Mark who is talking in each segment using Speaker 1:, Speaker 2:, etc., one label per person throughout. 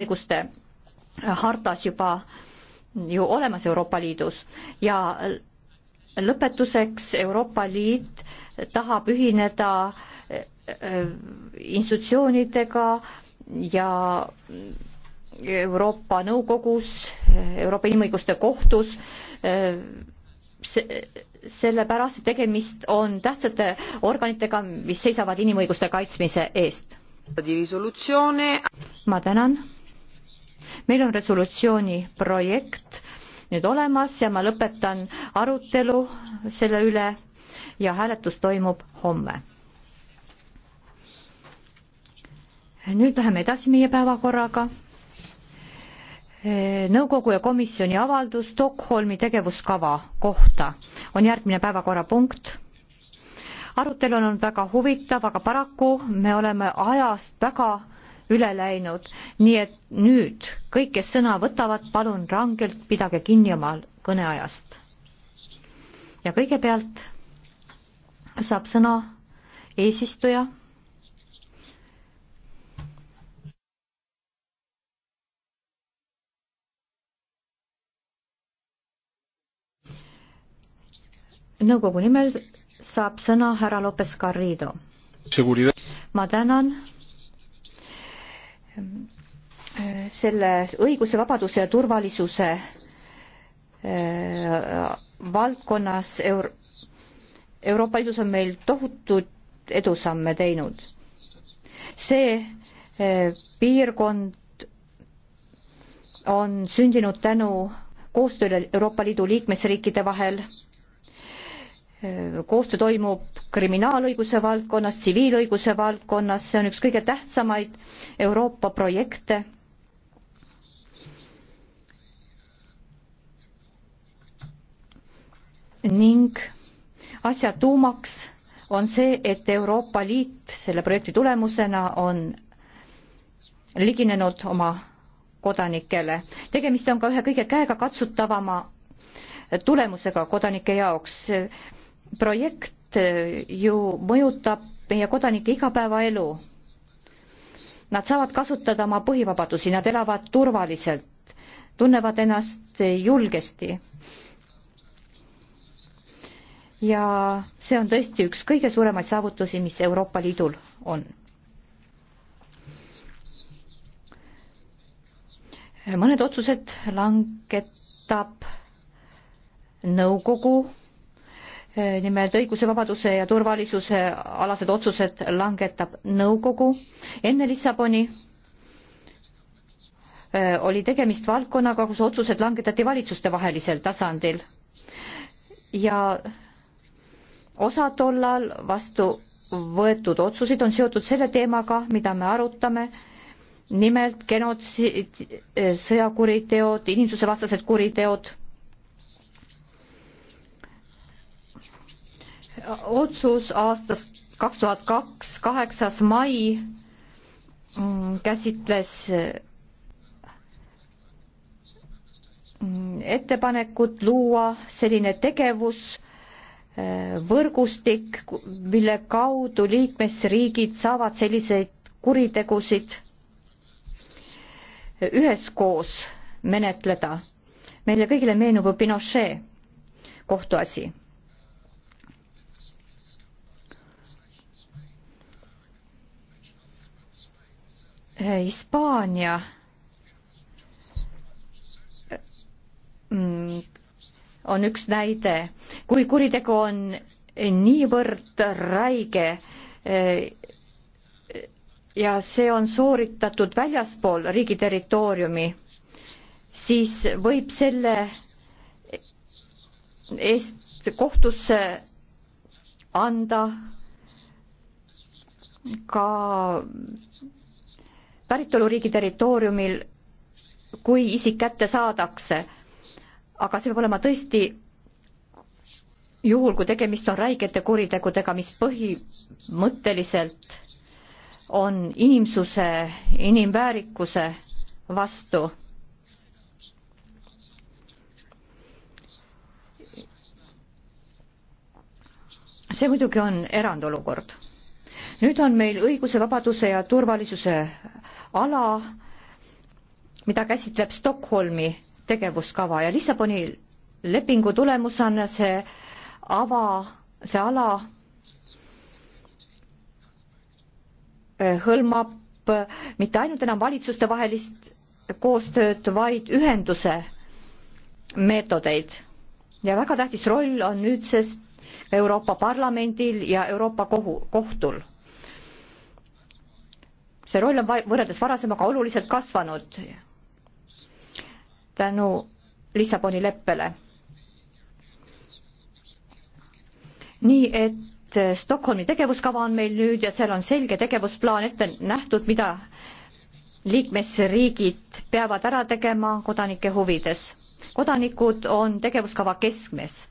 Speaker 1: õiguste hartas juba ju olemas Euroopa Liidus ja lõpetuseks Euroopa Liit tahab ühineda äh, äh, institutsioonidega ja Euroopa Nõukogus, Euroopa Inimõiguste Kohtus äh, se, sellepärast, et tegemist on tähtsate organitega, mis seisavad inimõiguste kaitsmise eest. ma tänan meil on resolutsiooni projekt nüüd olemas ja ma lõpetan arutelu selle üle ja hääletus toimub homme. nüüd läheme edasi meie päevakorraga. E, nõukogu ja komisjoni avaldus Stockholmi tegevuskava kohta on järgmine päevakorrapunkt arutelu on olnud väga huvitav, aga paraku me oleme ajast väga üle läinud, nii et nüüd kõik, kes sõna võtavad, palun rangelt pidage kinni oma kõneajast. ja kõigepealt saab sõna eesistuja. nõukogu nimel saab sõna härra Lopez Garrido. ma tänan selle õiguse, vabaduse ja turvalisuse äh, valdkonnas Euro Euroopa Liidus on meil tohutud edusamme teinud. see äh, piirkond on sündinud tänu koostööle Euroopa Liidu liikmesriikide vahel koostöö toimub kriminaalõiguse valdkonnas, tsiviilõiguse valdkonnas, see on üks kõige tähtsamaid Euroopa projekte. ning asja tuumaks on see, et Euroopa Liit selle projekti tulemusena on liginenud oma kodanikele. tegemist on ka ühe kõige käegakatsutavama tulemusega kodanike jaoks projekt äh, ju mõjutab meie kodanike igapäevaelu. Nad saavad kasutada oma põhivabadusi, nad elavad turvaliselt, tunnevad ennast julgesti. ja see on tõesti üks kõige suuremaid saavutusi, mis Euroopa Liidul on. mõned otsused langetab nõukogu Eh, nimelt õiguse, vabaduse ja turvalisuse alased otsused langetab nõukogu. enne Lissaboni eh, oli tegemist valdkonnaga, kus otsused langetati valitsustevahelisel tasandil ja osa tollal vastu võetud otsuseid on seotud selle teemaga, mida me arutame, nimelt genotsiid, eh, sõjakuriteod, inimsusevastased kuriteod otsus aastast kaks tuhat kaks, kaheksas mai mm, käsitles mm, ettepanekut luua selline tegevus, eh, võrgustik, mille kaudu liikmesriigid saavad selliseid kuritegusid üheskoos menetleda. meile kõigile meenub Pinochet kohtuasi Äh, Hispaania mm, on üks näide, kui kuritegu on niivõrd räige äh, ja see on sooritatud väljaspool riigi territooriumi, siis võib selle eest kohtusse anda ka päritoluriigi territooriumil, kui isik kätte saadakse. aga see peab olema tõesti juhul, kui tegemist on räigete kuritegudega, mis põhimõtteliselt on inimsuse, inimväärikuse vastu. see muidugi on erandolukord. nüüd on meil õiguse, vabaduse ja turvalisuse ala, mida käsitleb Stockholmi tegevuskava ja Lissaboni lepingu tulemusena see ava, see ala äh, hõlmab äh, mitte ainult enam valitsustevahelist koostööd, vaid ühenduse meetodeid. ja väga tähtis roll on nüüdsest Euroopa Parlamendil ja Euroopa kohu, kohtul see roll on võrreldes varasemaga oluliselt kasvanud tänu Lissaboni leppele. nii et Stockholmi tegevuskava on meil nüüd ja seal on selge tegevusplaan ette nähtud, mida liikmesriigid peavad ära tegema kodanike huvides. kodanikud on tegevuskava keskmes.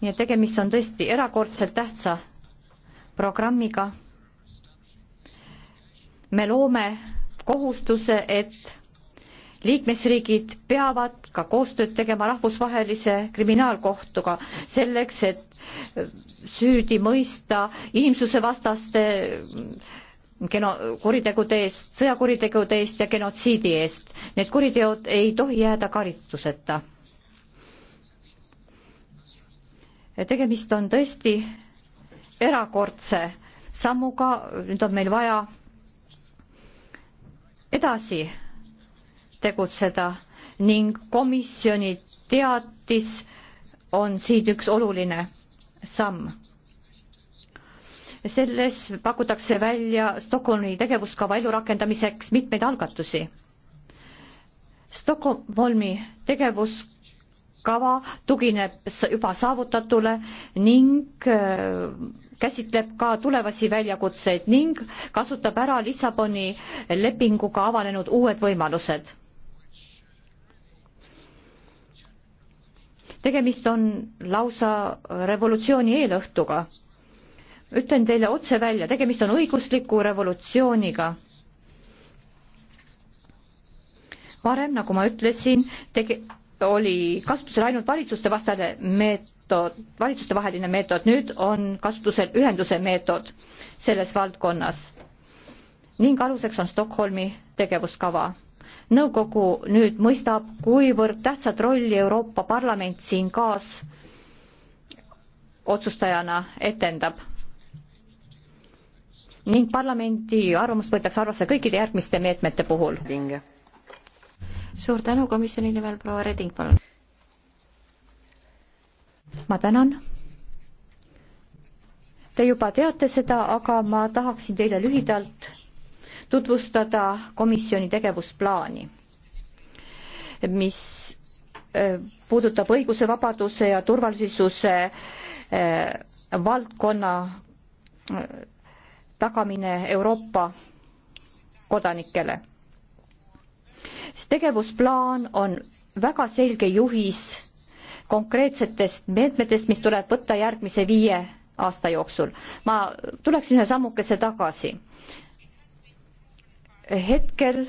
Speaker 1: nii et tegemist on tõesti erakordselt tähtsa programmiga me loome kohustuse, et liikmesriigid peavad ka koostööd tegema rahvusvahelise kriminaalkohtuga selleks, et äh, süüdi mõista inimsusevastaste geno-, mm, kuritegude eest, sõjakuritegude eest ja genotsiidi eest. Need kuriteod ei tohi jääda karistuseta. tegemist on tõesti erakordse sammuga, nüüd on meil vaja edasi tegutseda ning komisjoni teatis on siin üks oluline samm. selles pakutakse välja Stockholmi tegevuskava ellurakendamiseks mitmeid algatusi. Stockholmi tegevuskava tugineb juba saavutatule ning äh, käsitleb ka tulevasi väljakutseid ning kasutab ära Lissaboni lepinguga avanenud uued võimalused. tegemist on lausa revolutsiooni eelõhtuga. ütlen teile otse välja, tegemist on õigusliku revolutsiooniga varem, nagu ma ütlesin, tege-, oli kasutusel ainult valitsuste vastane meet-, meetod, valitsustevaheline meetod, nüüd on kasutusel ühenduse meetod selles valdkonnas ning aluseks on Stockholmi tegevuskava. nõukogu nüüd mõistab, kuivõrd tähtsat rolli Euroopa Parlament siin kaas otsustajana etendab. ning parlamendi arvamust võetakse arvesse kõikide järgmiste meetmete puhul. suur tänu komisjoni nimel, proua Reding, palun ma tänan. Te juba teate seda, aga ma tahaksin teile lühidalt tutvustada komisjoni tegevusplaani, mis äh, puudutab õigusevabaduse ja turvalisuse äh, valdkonna äh, tagamine Euroopa kodanikele. see tegevusplaan on väga selge juhis konkreetsetest meetmetest, mis tuleb võtta järgmise viie aasta jooksul. ma tuleksin ühe sammukese tagasi. hetkel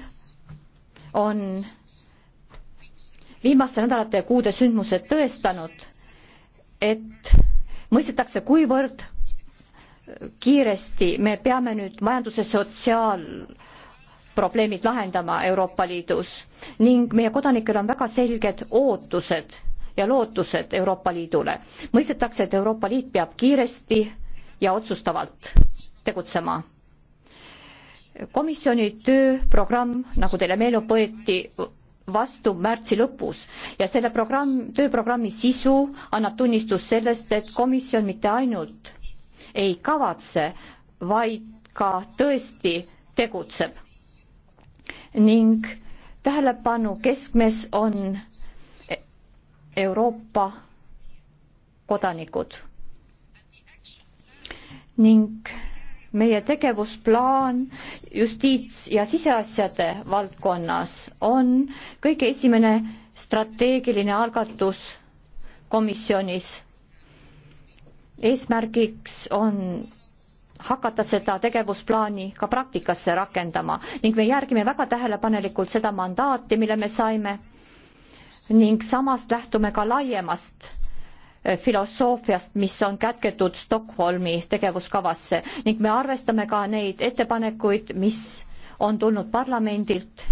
Speaker 1: on viimaste nädalate ja kuude sündmused tõestanud, et mõistetakse, kuivõrd kiiresti me peame nüüd majanduse sotsiaalprobleemid lahendama Euroopa Liidus ning meie kodanikel on väga selged ootused ja lootused Euroopa Liidule. mõistetakse, et Euroopa Liit peab kiiresti ja otsustavalt tegutsema. komisjoni tööprogramm, nagu teile meenub, võeti vastu märtsi lõpus ja selle programm, tööprogrammi sisu annab tunnistust sellest, et komisjon mitte ainult ei kavatse, vaid ka tõesti tegutseb. ning tähelepanu keskmes on Euroopa kodanikud. ning meie tegevusplaan justiits- ja siseasjade valdkonnas on kõige esimene strateegiline algatus komisjonis. eesmärgiks on hakata seda tegevusplaani ka praktikasse rakendama ning me järgime väga tähelepanelikult seda mandaati, mille me saime ning samas lähtume ka laiemast eh, filosoofiast, mis on kätketud Stockholmi tegevuskavasse ning me arvestame ka neid ettepanekuid, mis on tulnud parlamendilt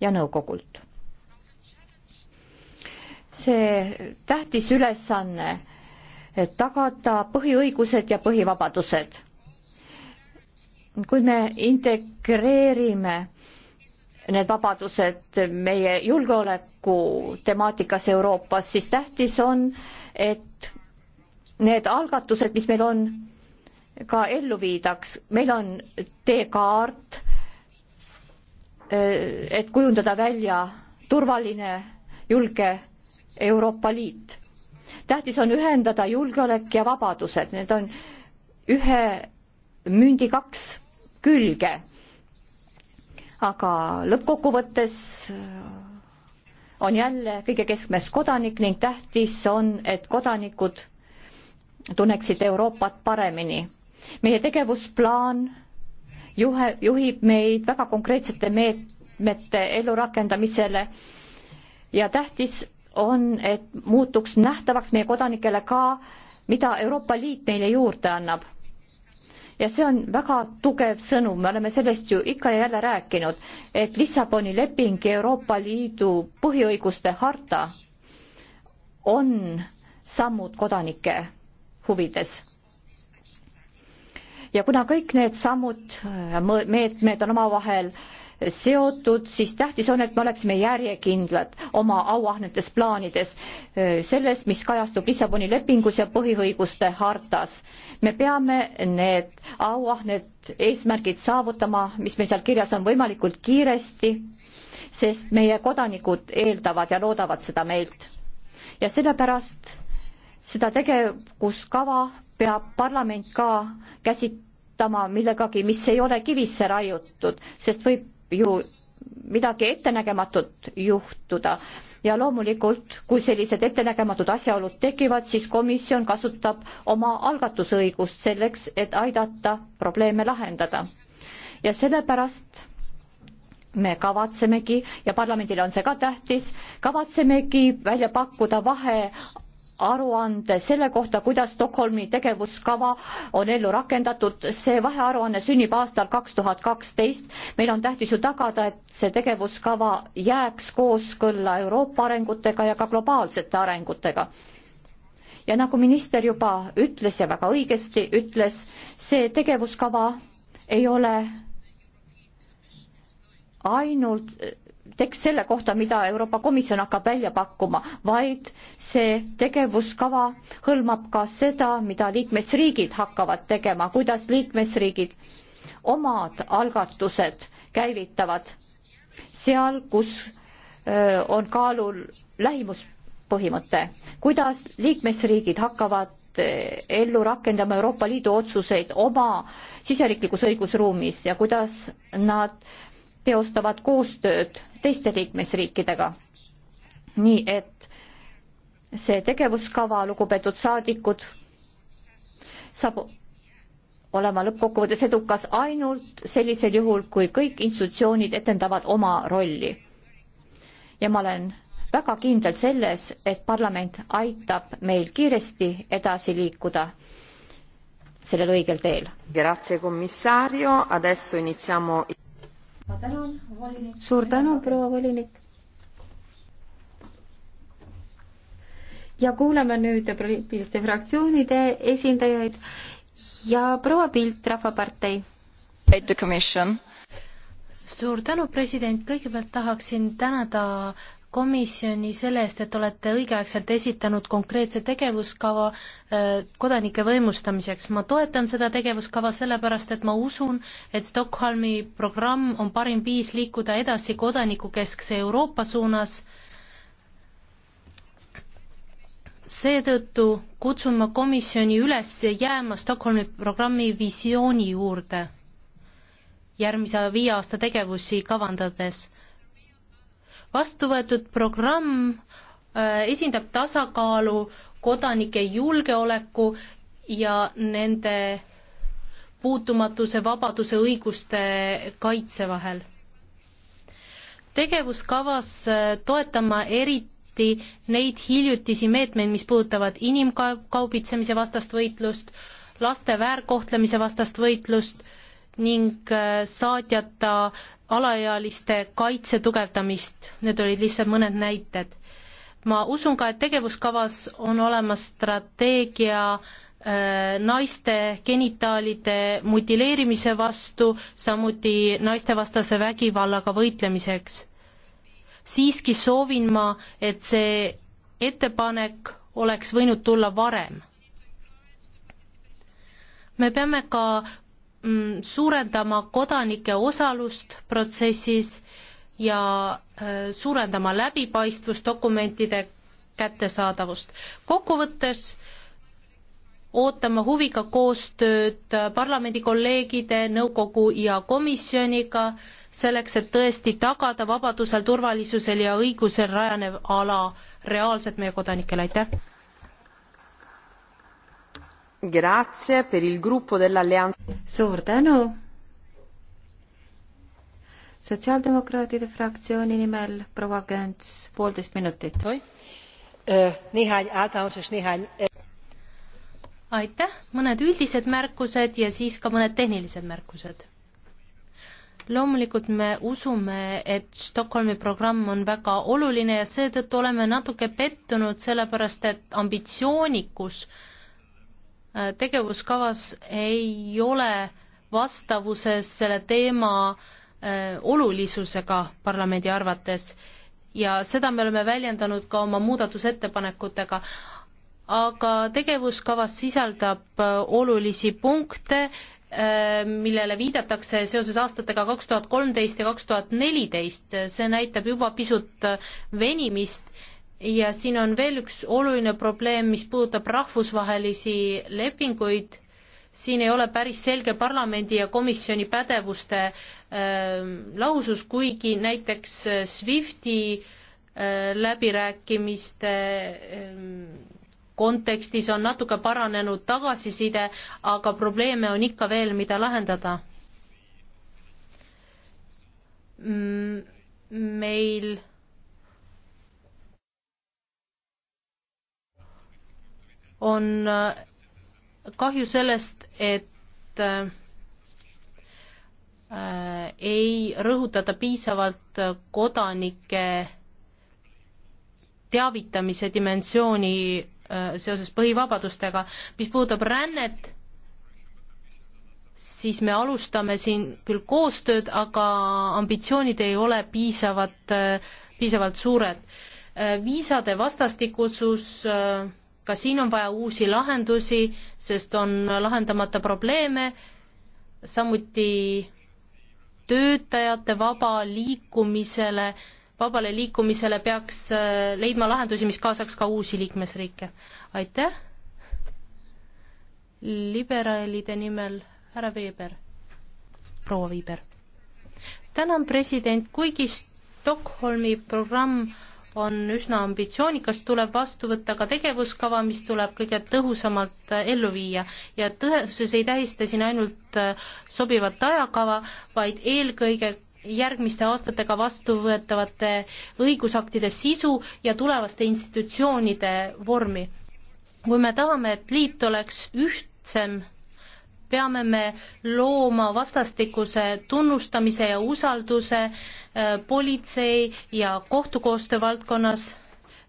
Speaker 1: ja nõukogult. see tähtis ülesanne tagada põhiõigused ja põhivabadused. kui me integreerime need vabadused meie julgeoleku temaatikas Euroopas, siis tähtis on, et need algatused, mis meil on, ka ellu viidaks. meil on teekaart, eh, et kujundada välja turvaline, julge Euroopa Liit. tähtis on ühendada julgeolek ja vabadused, need on ühe mündi kaks külge aga lõppkokkuvõttes äh, on jälle kõige keskmes kodanik ning tähtis on, et kodanikud tunneksid Euroopat paremini. meie tegevusplaan juhe, juhib meid väga konkreetsete meetmete ellurakendamisele ja tähtis on, et muutuks nähtavaks meie kodanikele ka, mida Euroopa Liit neile juurde annab ja see on väga tugev sõnum, me oleme sellest ju ikka ja jälle rääkinud, et Lissaboni leping ja Euroopa Liidu põhiõiguste harta on sammud kodanike huvides. ja kuna kõik need sammud, meetmed on omavahel äh, seotud, siis tähtis on, et me oleksime järjekindlad oma auahnetes plaanides, selles, mis kajastub Lissaboni lepingus ja põhiõiguste hartas. me peame need auahned eesmärgid saavutama, mis meil seal kirjas on, võimalikult kiiresti, sest meie kodanikud eeldavad ja loodavad seda meilt. ja sellepärast seda tegevuskava peab parlament ka käsitlema käsitama millegagi, mis ei ole kivisse raiutud, sest võib ju midagi ettenägematut juhtuda ja loomulikult, kui sellised ettenägematud asjaolud tekivad, siis komisjon kasutab oma algatusõigust selleks, et aidata probleeme lahendada. ja sellepärast me kavatsemegi ja parlamendile on see ka tähtis, kavatsemegi välja pakkuda vahe vahearuande selle kohta, kuidas Stockholmi tegevuskava on ellu rakendatud. see vahearuanne sünnib aastal kaks tuhat kaksteist. meil on tähtis ju tagada, et see tegevuskava jääks kooskõlla Euroopa arengutega ja ka globaalsete arengutega. ja nagu minister juba ütles ja väga õigesti ütles, see tegevuskava ei ole ainult tekst selle kohta, mida Euroopa Komisjon hakkab välja pakkuma, vaid see tegevuskava hõlmab ka seda, mida liikmesriigid hakkavad tegema, kuidas liikmesriigid omad algatused käivitavad seal, kus on kaalul lähimuspõhimõte, kuidas liikmesriigid hakkavad ellu rakendama Euroopa Liidu otsuseid oma siseriiklikus õigusruumis ja kuidas nad äh, teostavad koostööd teiste liikmesriikidega. nii et see tegevuskava, lugupeetud saadikud, saab olema lõppkokkuvõttes edukas ainult sellisel juhul, kui kõik institutsioonid etendavad oma rolli. ja ma olen väga kindel selles, et parlament aitab meil kiiresti edasi liikuda sellel õigel teel. Grazie commissario, adesso iniziamo ma tänan, volinik. suur tänu, proua volinik.
Speaker 2: ja kuulame nüüd poliitiliste fraktsioonide esindajaid ja proua Pilt, Rahvapartei.
Speaker 3: suur tänu, president, kõigepealt tahaksin tänada komisjoni selle eest, et olete õigeaegselt esitanud konkreetse tegevuskava äh, kodanike võimustamiseks. ma toetan seda tegevuskava sellepärast, et ma usun, et Stockholmi programm on parim viis liikuda edasi kodanikukeskse Euroopa suunas. seetõttu kutsun ma komisjoni üles jääma Stockholmi programmi visiooni juurde järgmise viie aasta tegevusi kavandades vastu võetud programm äh, esindab tasakaalu kodanike julgeoleku ja nende puutumatuse, vabaduse, õiguste kaitse vahel. tegevuskavas äh, toetama eriti neid hiljutisi meetmeid, mis puudutavad inimkaubitsemise vastast võitlust, laste väärkohtlemise vastast võitlust ning äh, saatjata alaealiste kaitse tugevdamist, need olid lihtsalt mõned näited. ma usun ka, et tegevuskavas on olemas strateegia äh, naiste genitaalide mutileerimise vastu, samuti naistevastase vägivallaga võitlemiseks. siiski soovin ma, et see ettepanek oleks võinud tulla varem. me peame ka Mm, suurendama kodanike osalust protsessis ja äh, suurendama läbipaistvust dokumentide kättesaadavust. kokkuvõttes ootame huviga koostööd äh, parlamendi kolleegide, nõukogu ja komisjoniga selleks, et tõesti tagada vabadusel, turvalisusel ja õigusel rajanev ala reaalselt meie kodanikele, aitäh!
Speaker 2: suur tänu. sotsiaaldemokraatide fraktsiooni nimel proua Könts, poolteist minutit. Äh,
Speaker 3: äh. aitäh, mõned üldised märkused ja siis ka mõned tehnilised märkused loomulikult me usume, et Stockholmi programm on väga oluline ja seetõttu oleme natuke pettunud, sellepärast et ambitsioonikus äh, tegevuskavas ei ole vastavuses selle teema äh, olulisusega parlamendi arvates ja seda me oleme väljendanud ka oma muudatusettepanekutega, aga tegevuskavas sisaldab äh, olulisi punkte, äh, millele viidatakse seoses aastatega kaks tuhat kolmteist ja kaks tuhat neliteist, see näitab juba pisut venimist ja siin on veel üks oluline probleem, mis puudutab rahvusvahelisi lepinguid, siin ei ole päris selge parlamendi ja komisjoni pädevuste äh, lausus, kuigi näiteks äh, SWIFTi äh, läbirääkimiste äh, kontekstis on natuke paranenud tagasiside, aga probleeme on ikka veel, mida lahendada. meil on äh, kahju sellest, et äh, ei rõhutata piisavalt kodanike teavitamise dimensiooni äh, seoses põhivabadustega. mis puudutab rännet, siis me alustame siin küll koostööd, aga ambitsioonid ei ole piisavad äh,, piisavalt suured. Äh, viisade vastastikusus äh, ka siin on vaja uusi lahendusi, sest on lahendamata probleeme, samuti töötajate vaba liikumisele, vabale liikumisele peaks äh, leidma lahendusi, mis kaasaks ka uusi liikmesriike. aitäh! liberaalide nimel härra Weber, proua Weber. tänan, president, kuigi Stockholmi programm on üsna ambitsioonikas, tuleb vastu võtta ka tegevuskava, mis tuleb kõige tõhusamalt äh, ellu viia ja tõhusus ei tähista siin ainult äh, sobivat ajakava, vaid eelkõige järgmiste aastatega vastu võetavate õigusaktide sisu ja tulevaste institutsioonide vormi. kui me tahame, et liit oleks ühtsem peame me looma vastastikuse tunnustamise ja usalduse äh, politsei ja kohtukoostöö valdkonnas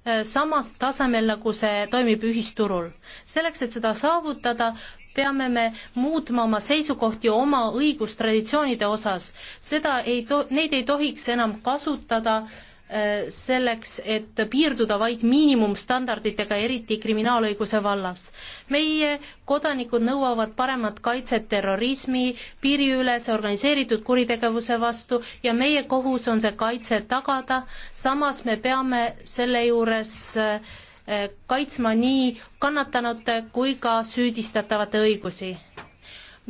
Speaker 3: äh, samas tasemel, nagu see toimib ühisturul. selleks, et seda saavutada, peame me muutma oma seisukohti oma õigustraditsioonide osas. seda ei to-, neid ei tohiks enam kasutada äh, Äh, selleks, et piirduda vaid miinimumstandarditega, eriti kriminaalõiguse vallas. meie kodanikud nõuavad paremat kaitset terrorismi, piiriülese organiseeritud kuritegevuse vastu ja meie kohus on see kaitse tagada, samas me peame selle juures äh, kaitsma nii kannatanute kui ka süüdistatavate õigusi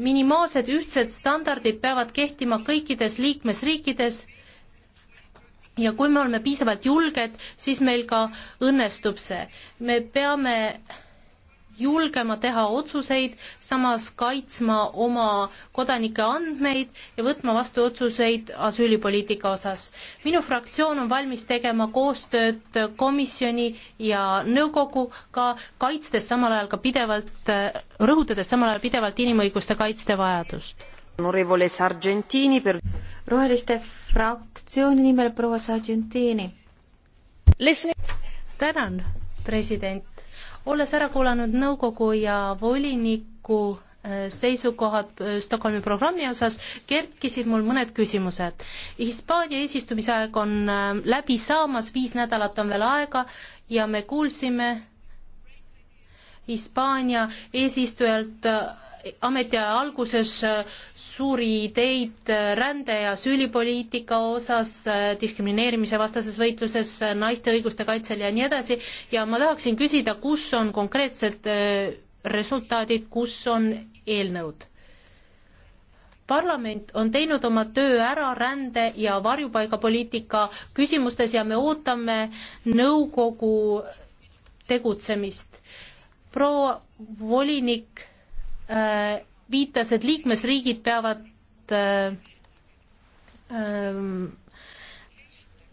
Speaker 3: minimaalsed ühtsed standardid peavad kehtima kõikides liikmesriikides ja kui me oleme piisavalt julged, siis meil ka õnnestub see. me peame julgema teha otsuseid, samas kaitsma oma kodanike andmeid ja võtma vastu otsuseid asüülipoliitika osas. minu fraktsioon on valmis tegema koostööd komisjoni ja nõukoguga, kaitstes samal ajal ka pidevalt, rõhutades samal ajal pidevalt inimõiguste kaitste vajadust. roheliste
Speaker 2: fraktsiooni
Speaker 3: nimel proua Sargentini. tänan, president. olles ära kuulanud nõukogu ja voliniku äh, seisukohad äh, Stockholmi programmi osas, kerkisid mul mõned küsimused. Hispaania eesistumise aeg on äh, läbi saamas, viis nädalat on veel aega ja me kuulsime Hispaania eesistujalt ametiaja alguses äh, suuri ideid äh, rände- ja süülipoliitika osas, äh, diskrimineerimise vastases võitluses, naiste õiguste kaitsel ja nii edasi ja ma tahaksin küsida, kus on konkreetsed resultaadid, kus on eelnõud? parlament on teinud oma töö ära rände ja varjupaigapoliitika küsimustes ja me ootame nõukogu tegutsemist. proua volinik Äh, viitas, et liikmesriigid peavad äh, ähm,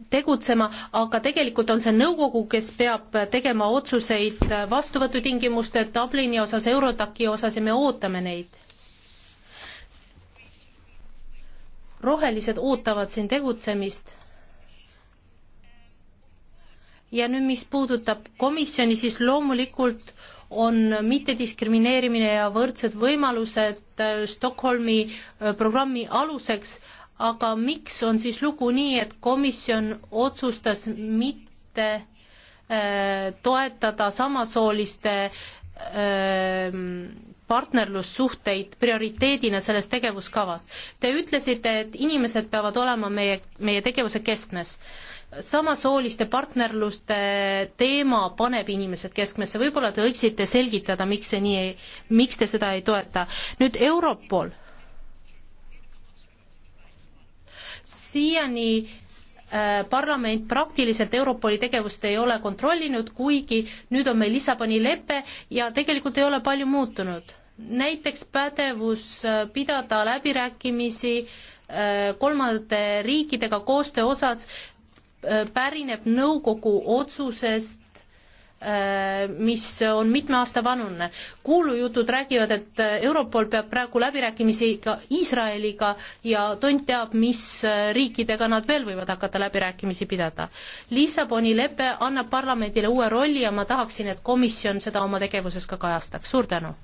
Speaker 3: tegutsema, aga tegelikult on see nõukogu, kes peab tegema otsuseid vastuvõtutingimuste Dublini osas, Eurotaki osas ja me ootame neid. rohelised ootavad siin tegutsemist. ja nüüd, mis puudutab komisjoni, siis loomulikult äh, on mittediskrimineerimine ja võrdsed võimalused äh, Stockholmi äh, programmi aluseks, aga miks on siis lugu nii, et komisjon otsustas mitte äh, toetada samasooliste äh, partnerlussuhteid prioriteedina selles tegevuskavas. Te ütlesite, et inimesed peavad olema meie, meie tegevuse keskmes äh, samasooliste partnerluste teema paneb inimesed keskmesse, võib-olla te võiksite selgitada, miks see nii ei, miks te seda ei toeta. nüüd Europol. siiani äh, parlament praktiliselt Europoli tegevust ei ole kontrollinud, kuigi nüüd on meil Lissaboni lepe ja tegelikult ei ole palju muutunud. näiteks pädevus äh, pidada läbirääkimisi äh, kolmandate riikidega koostöö osas pärineb nõukogu otsusest, äh, mis on mitme aasta vanune. kuulujutud räägivad, et Europol peab praegu läbirääkimisi ka Iisraeliga ja tont teab, mis äh, riikidega nad veel võivad hakata läbirääkimisi pidada. Lissaboni lepe annab parlamendile uue rolli ja ma tahaksin, et komisjon seda oma tegevuses ka kajastaks, suur tänu!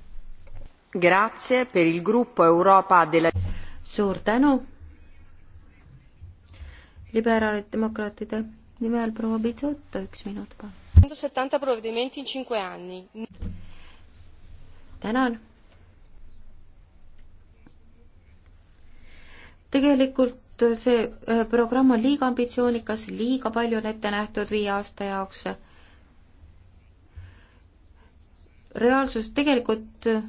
Speaker 2: suur tänu! liberaalid demokraatide nimel proua Pitsuta, üks minut palun. tänan. tegelikult see äh, programm on liiga ambitsioonikas, liiga palju on ette nähtud viie aasta jaoks. reaalsus tegelikult äh,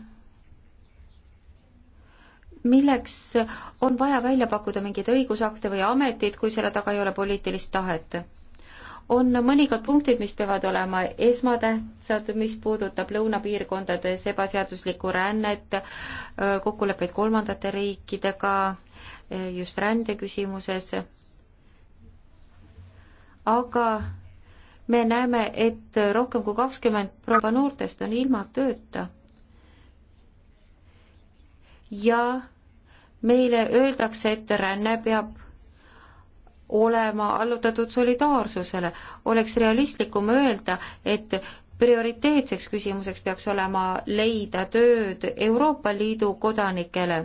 Speaker 2: milleks on vaja välja pakkuda mingeid õigusakte või ameteid, kui selle taga ei ole poliitilist tahet? on mõningad punktid, mis peavad olema esmatähtsad, mis puudutab lõunapiirkondades ebaseaduslikku rännet, kokkuleppeid kolmandate riikidega, just rände küsimuses. aga me näeme, et rohkem kui kakskümmend proua noortest on ilma tööta ja meile öeldakse, et ränne peab olema allutatud solidaarsusele. oleks realistlikum öelda, et prioriteetseks küsimuseks peaks olema leida tööd Euroopa Liidu kodanikele.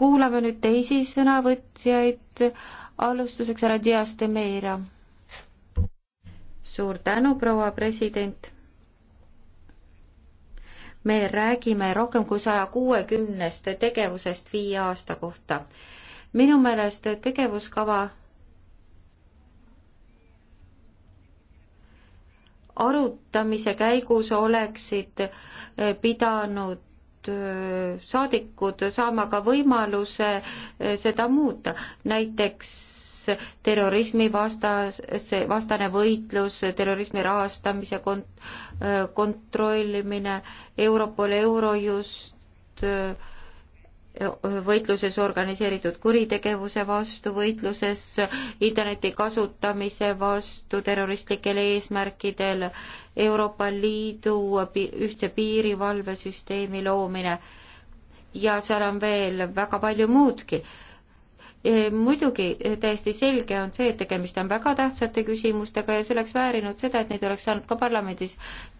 Speaker 2: kuulame nüüd teisi sõnavõtjaid, alustuseks härra Dias de Meira. suur tänu, proua president me räägime rohkem kui saja kuuekümnest tegevusest viie aasta kohta. minu meelest tegevuskava arutamise käigus oleksid eh, pidanud eh, saadikud saama ka võimaluse eh, seda muuta. näiteks terrorismi vastas, vastane võitlus, terrorismi rahastamise kont-, äh, kontrollimine, Europol, Eurojust, äh, võitluses organiseeritud kuritegevuse vastu, võitluses interneti kasutamise vastu terroristlikel eesmärkidel, Euroopa Liidu ühtse piirivalvesüsteemi loomine ja seal on veel väga palju muudki muidugi e, täiesti selge on see, et tegemist on väga tähtsate küsimustega ja see oleks väärinud seda, et neid oleks saanud ka parlamendis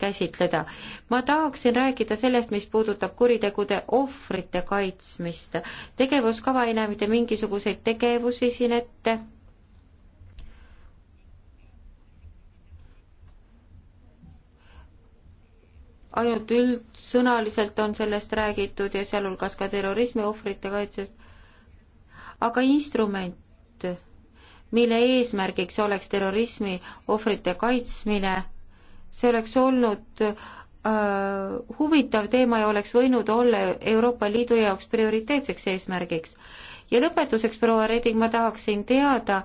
Speaker 2: käsitleda. ma tahaksin rääkida sellest, mis puudutab kuritegude ohvrite kaitsmist. tegevuskava ei näe mitte mingisuguseid tegevusi siin ette. ainult üldsõnaliselt on sellest räägitud ja sealhulgas ka terrorismi ohvrite kaitsest aga instrument, mille eesmärgiks oleks terrorismi ohvrite kaitsmine, see oleks olnud äh, huvitav teema ja oleks võinud olla Euroopa Liidu jaoks prioriteetseks eesmärgiks. ja lõpetuseks, proua Reding, ma tahaksin teada,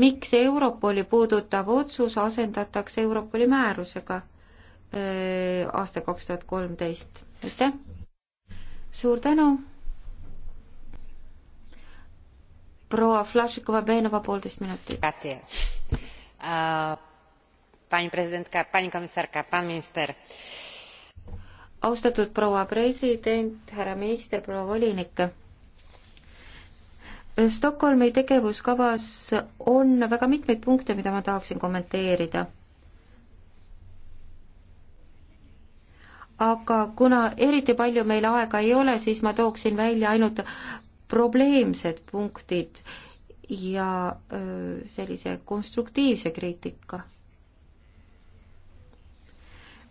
Speaker 2: miks Europoli puudutav otsus asendatakse Europoli määrusega äh, aasta kaks tuhat kolmteist, aitäh! suur tänu! proua Flašikova-Beenova, poolteist minutit. Uh, austatud proua president, härra minister, proua volinik Stockholmi tegevuskavas on väga mitmeid punkte, mida ma tahaksin kommenteerida. aga kuna eriti palju meil aega ei ole, siis ma tooksin välja ainult probleemsed punktid ja öö, sellise konstruktiivse kriitika.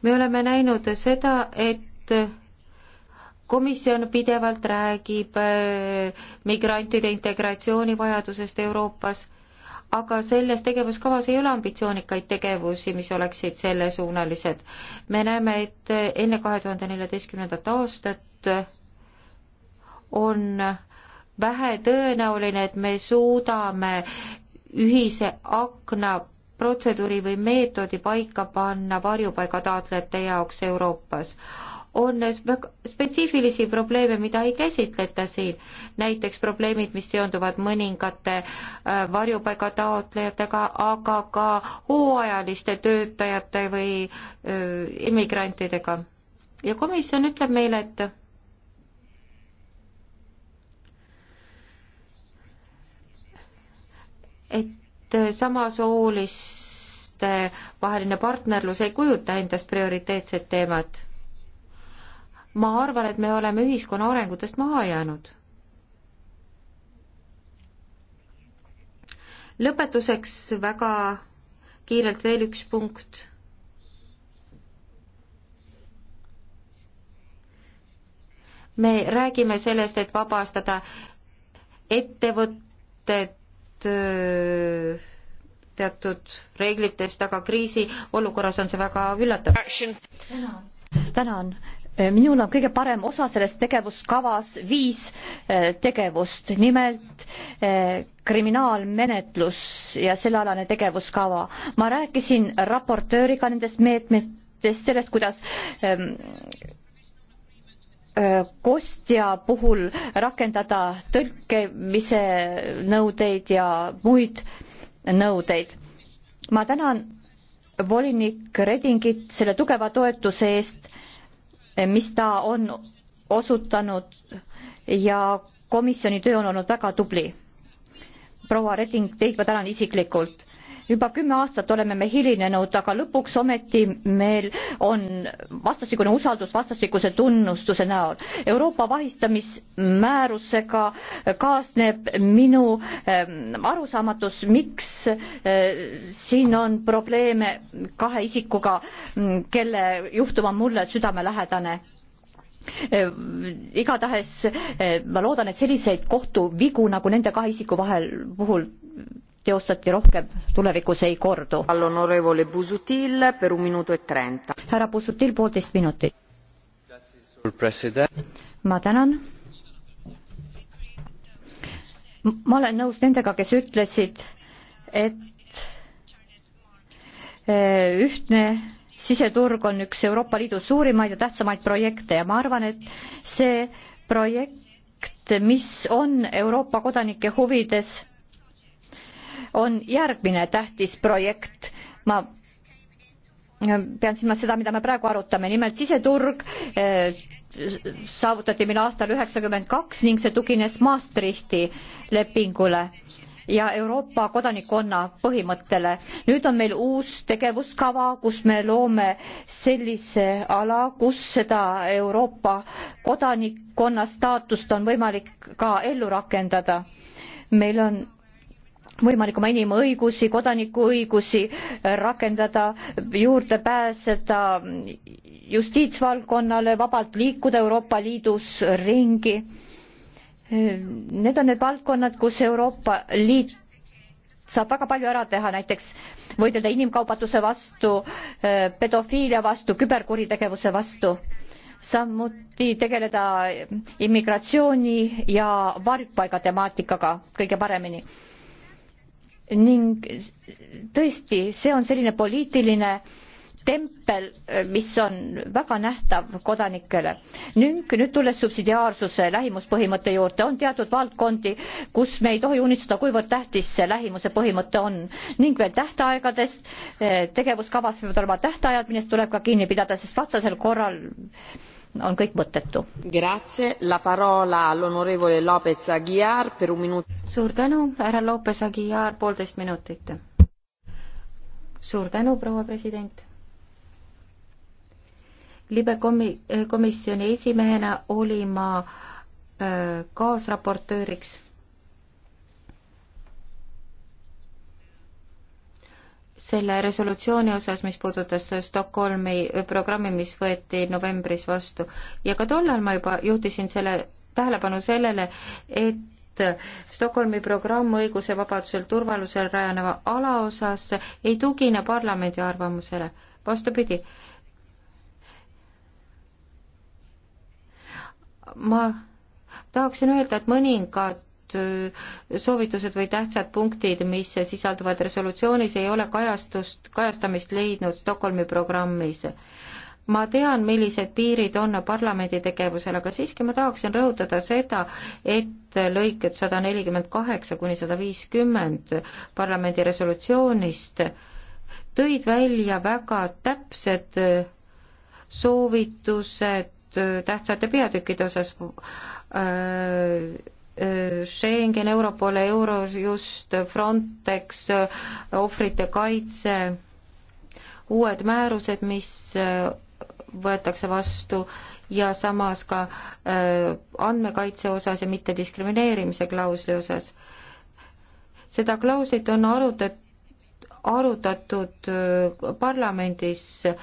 Speaker 2: me oleme näinud seda, et komisjon pidevalt räägib migrantide integratsiooni vajadusest Euroopas, aga selles tegevuskavas ei ole ambitsioonikaid tegevusi, mis oleksid sellesuunalised. me näeme, et enne kahe tuhande neljateistkümnendat aastat on vähetõenäoline, et me suudame ühise akna protseduuri või meetodi paika panna varjupaigataotlejate jaoks Euroopas. on spetsiifilisi probleeme, mida ei käsitleta siin, näiteks probleemid, mis seonduvad mõningate äh, varjupaigataotlejatega, aga ka hooajaliste töötajate või äh, immigrantidega. ja komisjon ütleb meile, et et samasooliste vaheline partnerlus ei kujuta endast prioriteetset teemat. ma arvan, et me oleme ühiskonna arengutest maha jäänud. lõpetuseks väga kiirelt veel üks punkt me räägime sellest, et vabastada ettevõtted Äh, teatud reeglitest, aga kriisiolukorras on see väga üllatav.
Speaker 1: tänan. Äh, minul on kõige parem osa selles tegevuskavas viis äh, tegevust, nimelt kriminaalmenetlus ja sellealane tegevuskava. ma rääkisin raportööriga nendest meetmetest, sellest, kuidas ähm, kostja puhul rakendada tõlkemise nõudeid ja muid nõudeid. ma tänan volinik Redingit selle tugeva toetuse eest, mis ta on osutanud ja komisjoni töö on olnud väga tubli. proua Reding, teid ma tänan isiklikult juba kümme aastat oleme me hilinenud, aga lõpuks ometi meil on vastastikune usaldus vastastikuse tunnustuse näol. Euroopa vahistamismäärusega kaasneb minu ähm, arusaamatus, miks äh, siin on probleeme kahe isikuga, mm, kelle juhtum on mulle südamelähedane äh, igatahes äh, ma loodan, et selliseid kohtuvigu nagu nende kahe isiku vahel puhul teostati rohkem, tulevikus ei kordu. E härra Busutil poolteist minutit. ma tänan. ma olen nõus nendega, kes ütlesid, et eh, ühtne siseturg on üks Euroopa Liidu suurimaid ja tähtsamaid projekte ja ma arvan, et see projekt, mis on Euroopa kodanike huvides, on järgmine tähtis projekt. ma pean silmas seda, mida me praegu arutame, nimelt siseturg eh, saavutati meil aastal üheksakümmend kaks ning see tugines Maastrichti lepingule ja Euroopa kodanikkonna põhimõttele. nüüd on meil uus tegevuskava, kus me loome sellise ala, kus seda Euroopa kodanikkonna staatust on võimalik ka ellu rakendada. meil on võimalik oma inimõigusi, kodanikuõigusi rakendada, juurde pääseda justiitsvaldkonnale, vabalt liikuda Euroopa Liidus ringi. Need on need valdkonnad, kus Euroopa Liit saab väga palju ära teha, näiteks võidelda inimkaubanduse vastu, pedofiilia vastu, küberkuritegevuse vastu samuti tegeleda immigratsiooni ja varjupaiga temaatikaga kõige paremini ning tõesti, see on selline poliitiline tempel, mis on väga nähtav kodanikele. ning nüüd tulles subsidiaarsuse lähimuspõhimõtte juurde, on teatud valdkondi, kus me ei tohi unistada, kuivõrd tähtis see lähimuse põhimõte on ning veel tähtaegadest, eh, tegevuskavas peavad olema tähtajad, millest tuleb ka kinni pidada, sest vastasel korral äh, on kõik mõttetu.
Speaker 2: suur tänu, härra Lopez Aguiar, poolteist minutit. suur tänu, proua president. libe komi-, eh, komisjoni esimehena olin ma eh, kaasraportööriks selle resolutsiooni osas, mis puudutas Stockholmi programmi, mis võeti novembris vastu ja ka tollal ma juba juhtisin selle tähelepanu sellele, et Stockholmi programm õiguse, vabadusel, turvalisel rajaneva ala osas ei tugine parlamendi arvamusele, vastupidi. ma tahaksin öelda, et mõningad paljud äh, soovitused või tähtsad punktid, mis sisalduvad resolutsioonis, ei ole kajastust, kajastamist leidnud Stockholmi programmis. ma tean, millised piirid on parlamendi tegevusel, aga siiski ma tahaksin rõhutada seda, et lõiked sada nelikümmend kaheksa kuni sada viiskümmend parlamendi resolutsioonist tõid välja väga täpsed äh, soovitused äh, tähtsate peatükkide osas äh, Schengen, Europol, Eurojust, Frontex, ohvrite kaitse, uued määrused, mis äh, võetakse vastu ja samas ka äh, andmekaitse osas ja mittediskrimineerimise klausli osas. seda klauslit on arutat-, arutatud äh, parlamendis äh,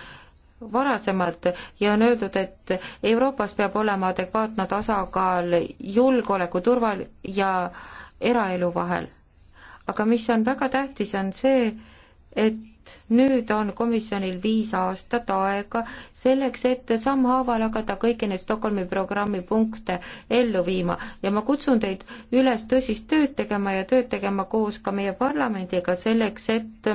Speaker 2: varasemalt ja on öeldud, et Euroopas peab olema adekvaatne tasakaal julgeoleku, turval ja eraelu vahel. aga mis on väga tähtis, on see, et nüüd on komisjonil viis aastat aega selleks, et sammhaaval hakata kõiki neid Stockholmi programmi punkte ellu viima ja ma kutsun teid üles tõsist tööd tegema ja tööd tegema koos ka meie parlamendiga selleks, et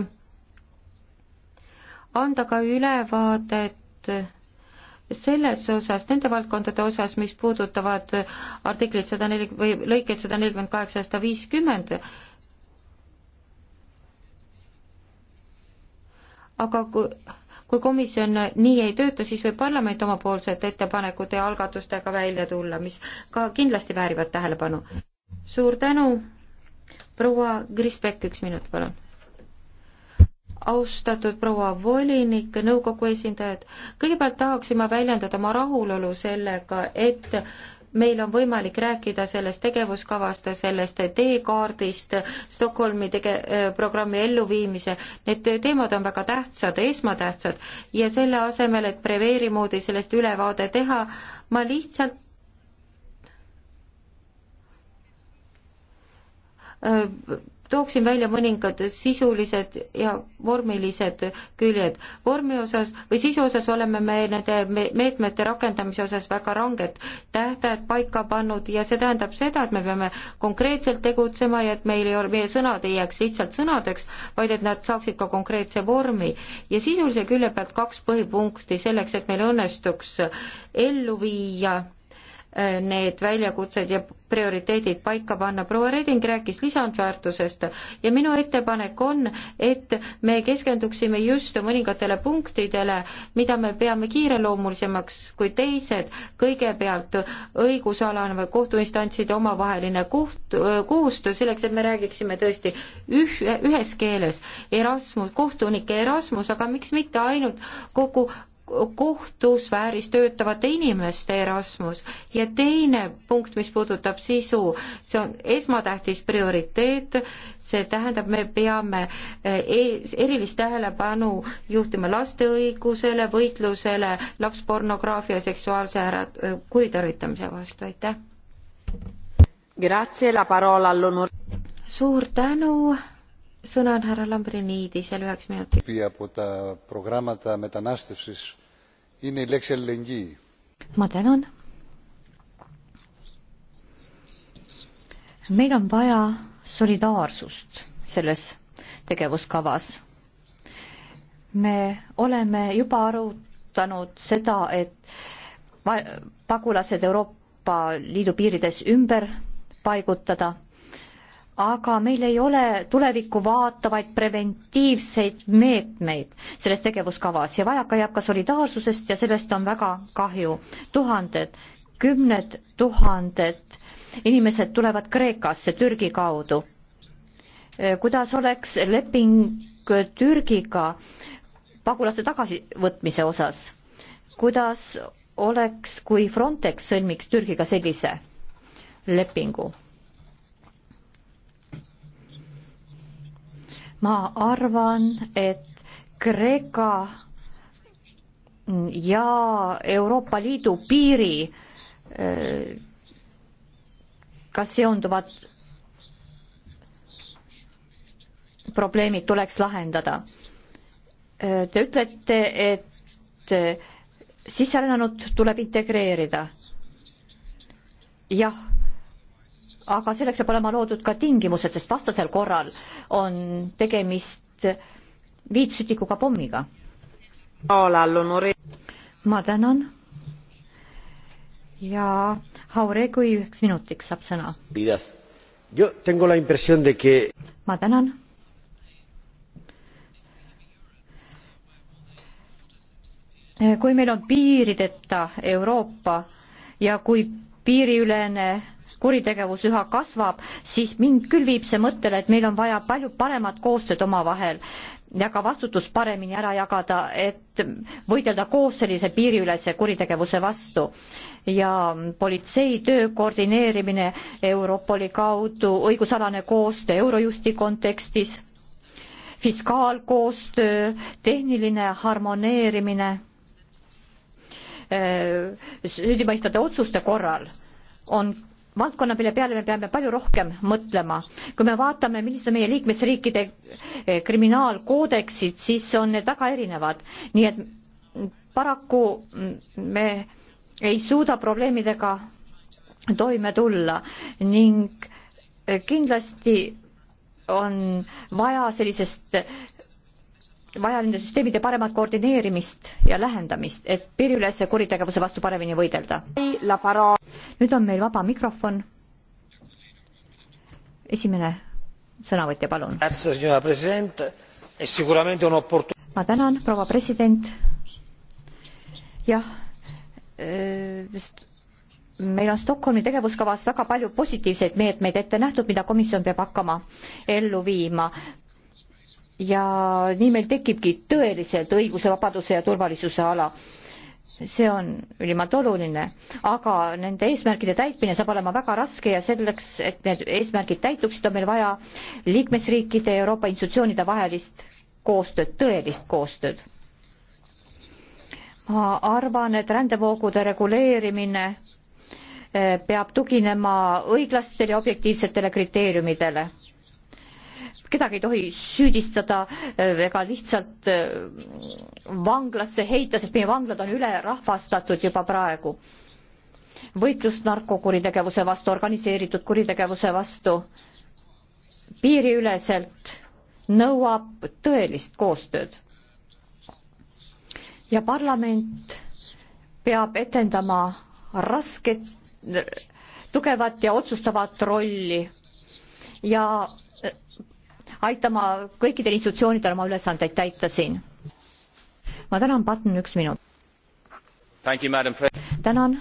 Speaker 2: anda ka ülevaadet selles osas, nende valdkondade osas, mis puudutavad artiklit sada neli või lõikeid sada nelikümmend kaheksa, sada viiskümmend, aga kui, kui komisjon nii ei tööta, siis võib parlament omapoolsete ettepanekute ja algatustega välja tulla, mis ka kindlasti väärivad tähelepanu. suur tänu, proua Krispek, üks minut, palun austatud proua volinik, nõukogu esindajad, kõigepealt tahaksin ma väljendada oma rahulolu sellega, et meil on võimalik rääkida sellest tegevuskavast, sellest teekaardist, Stockholmi tege-, äh, programmi elluviimise, need teemad on väga tähtsad, esmatähtsad ja selle asemel, et Preveeri moodi sellest ülevaade teha, ma lihtsalt öö, äh, tooksin välja mõningad sisulised ja vormilised küljed. vormi osas või sisu osas oleme me nende meetmete rakendamise osas väga ranged tähtajad paika pannud ja see tähendab seda, et me peame konkreetselt tegutsema ja et meil ei ole, meie sõnad ei jääks lihtsalt sõnadeks, vaid et nad saaksid ka konkreetse vormi. ja sisulise külje pealt kaks põhipunkti selleks, et meil õnnestuks ellu viia Äh, need väljakutsed ja prioriteedid paika panna. proua Reding rääkis lisandväärtusest ja minu ettepanek on, et me keskenduksime just mõningatele punktidele, mida me peame kiireloomulisemaks kui teised, kõigepealt õigusalane või kohtuinstantside omavaheline koht, äh, koostöö, selleks et me räägiksime tõesti üh-, ühes keeles, Erasmus, kohtunike Erasmus, aga miks mitte ainult kogu kohtusfääris töötavate inimeste Erasmus ja teine punkt, mis puudutab sisu, see on esmatähtis prioriteet, see tähendab, me peame eh, e-, erilist tähelepanu juhtima laste õigusele, võitlusele lapspornograafia seksuaalse ära-, eh, kuritarvitamise vastu, aitäh! suur tänu! sõna on härra Lambrinidisel üheks
Speaker 3: minutiks.
Speaker 1: ma tänan. meil on vaja solidaarsust selles tegevuskavas. me oleme juba arutanud seda, et pagulased Euroopa Liidu piirides ümber paigutada aga meil ei ole tulevikku vaatavaid preventiivseid meetmeid selles tegevuskavas ja vajaka jääb ka solidaarsusest ja sellest on väga kahju. tuhanded, kümned tuhanded inimesed tulevad Kreekasse Türgi kaudu. Äh, kuidas oleks leping Türgiga pagulaste tagasivõtmise osas? kuidas oleks, kui Frontex sõlmiks Türgiga sellise lepingu? ma arvan, et Kreeka ja Euroopa Liidu piiri äh, ka seonduvad probleemid tuleks lahendada. Äh, te ütlete, et äh, sisserännanud tuleb integreerida. jah aga selleks peab olema loodud ka tingimused, sest vastasel korral on tegemist viitsütikuga pommiga. ma tänan. ja Hauregui üheks minutiks saab sõna. Que... ma tänan. kui meil on piirideta Euroopa ja kui piiriülene kuritegevus üha kasvab, siis mind küll viib see mõttele, et meil on vaja palju paremat koostööd omavahel ja ka vastutus paremini ära jagada, et võidelda koos sellise piiriülese kuritegevuse vastu. ja politsei töö koordineerimine Europoli kaudu, õigusalane koostöö Eurojusti kontekstis, fiskaalkoostöö, tehniline harmoneerimine, äh, süüdimõistvate otsuste korral on valdkonna, mille peale me peame palju rohkem mõtlema. kui me vaatame, millised on meie liikmesriikide eh, kriminaalkoodeksid, siis on need väga erinevad, nii et paraku me ei suuda probleemidega toime tulla ning kindlasti on vaja sellisest vaja nende süsteemide paremat koordineerimist ja lähendamist, et piiriülese kuritegevuse vastu paremini võidelda. nüüd on meil vaba mikrofon. esimene sõnavõtja, palun. ma tänan, proua president. jah, äh, meil on Stockholmi tegevuskavas väga palju positiivseid meetmeid ette nähtud, mida komisjon peab hakkama ellu viima ja nii meil tekibki tõeliselt õiguse, vabaduse ja turvalisuse ala. see on ülimalt oluline, aga nende eesmärkide täitmine saab olema väga raske ja selleks, et need eesmärgid täituksid, on meil vaja liikmesriikide ja Euroopa institutsioonide vahelist koostööd, tõelist koostööd. ma arvan, et rändevoogude reguleerimine eh, peab tuginema õiglastele ja objektiivsetele kriteeriumidele kedagi ei tohi süüdistada äh, ega lihtsalt äh, vanglasse heita, sest meie vanglad on ülerahvastatud juba praegu. võitlus narkokuritegevuse vastu, organiseeritud kuritegevuse vastu piiriüleselt nõuab tõelist koostööd. ja parlament peab etendama rasket, tugevat ja otsustavat rolli ja aitama kõikidel institutsioonidel oma ülesandeid täita siin. ma tänan, Patn, üks minut. tänan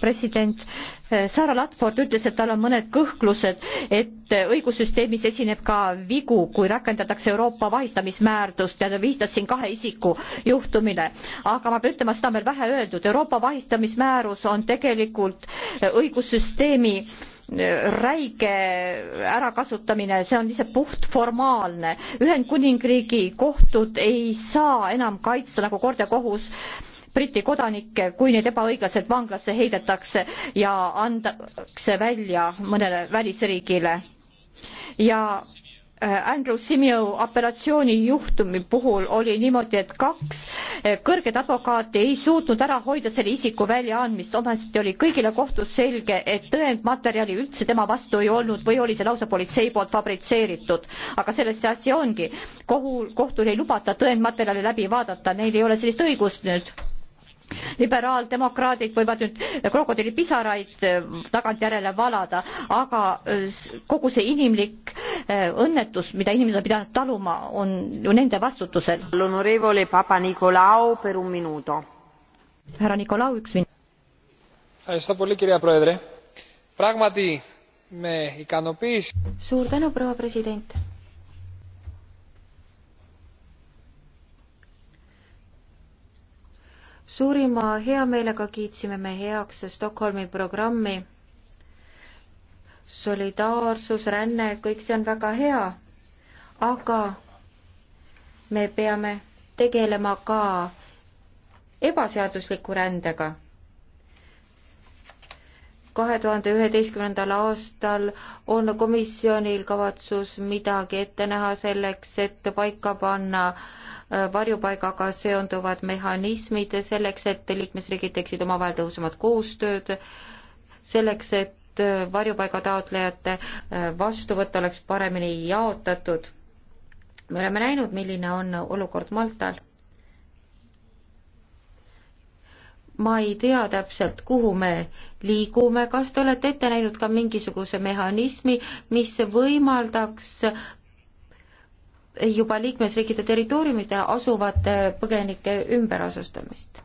Speaker 1: president Sarah Ladford ütles, et tal on mõned kõhklused, et õigussüsteemis esineb ka vigu, kui rakendatakse Euroopa vahistamismäärdust ja ta viitas siin kahe isiku juhtumile. aga ma pean ütlema, seda on veel vähe öeldud, Euroopa vahistamismäärus on tegelikult õigussüsteemi räige ärakasutamine, see on lihtsalt puht formaalne. Ühendkuningriigi kohtud ei saa enam kaitsta nagu kord ja kohus Briti kodanikke, kui neid ebaõiglaselt vanglasse heidetakse ja antakse välja mõnele välisriigile. ja Äh, Andrew Simio operatsiooni juhtumi puhul oli niimoodi, et kaks äh, kõrget advokaati ei suutnud ära hoida selle isiku väljaandmist, ometi oli kõigile kohtus selge, et tõendmaterjali üldse tema vastu ei olnud või oli see lausa politsei poolt fabritseeritud. aga selles see asi ongi, kohul, kohtul ei lubata tõendmaterjali läbi vaadata, neil ei ole sellist õigust nüüd liberaaldemokraadid võivad nüüd krokodillipisaraid äh, tagantjärele valada, aga äh, kogu see inimlik äh, õnnetus, mida inimesed on pidanud taluma, on ju nende vastutusel. härra Nikolau, üks minut.
Speaker 2: suur tänu, proua president suurima heameelega kiitsime me heaks Stockholmi programmi. solidaarsus, ränne, kõik see on väga hea, aga me peame tegelema ka ebaseadusliku rändega. kahe tuhande üheteistkümnendal aastal on komisjonil kavatsus midagi ette näha selleks, et paika panna äh, Äh, varjupaigaga seonduvad mehhanismid selleks, et liikmesriigid teeksid omavahel tõhusamat koostööd, selleks, et äh, varjupaigataotlejate äh, vastuvõtt oleks paremini jaotatud. me oleme näinud, milline on olukord Maltal ma ei tea täpselt, kuhu me liigume, kas te olete ette näinud ka mingisuguse mehhanismi, mis võimaldaks juba liikmesriikide territooriumidel asuvate põgenike ümberasustamist.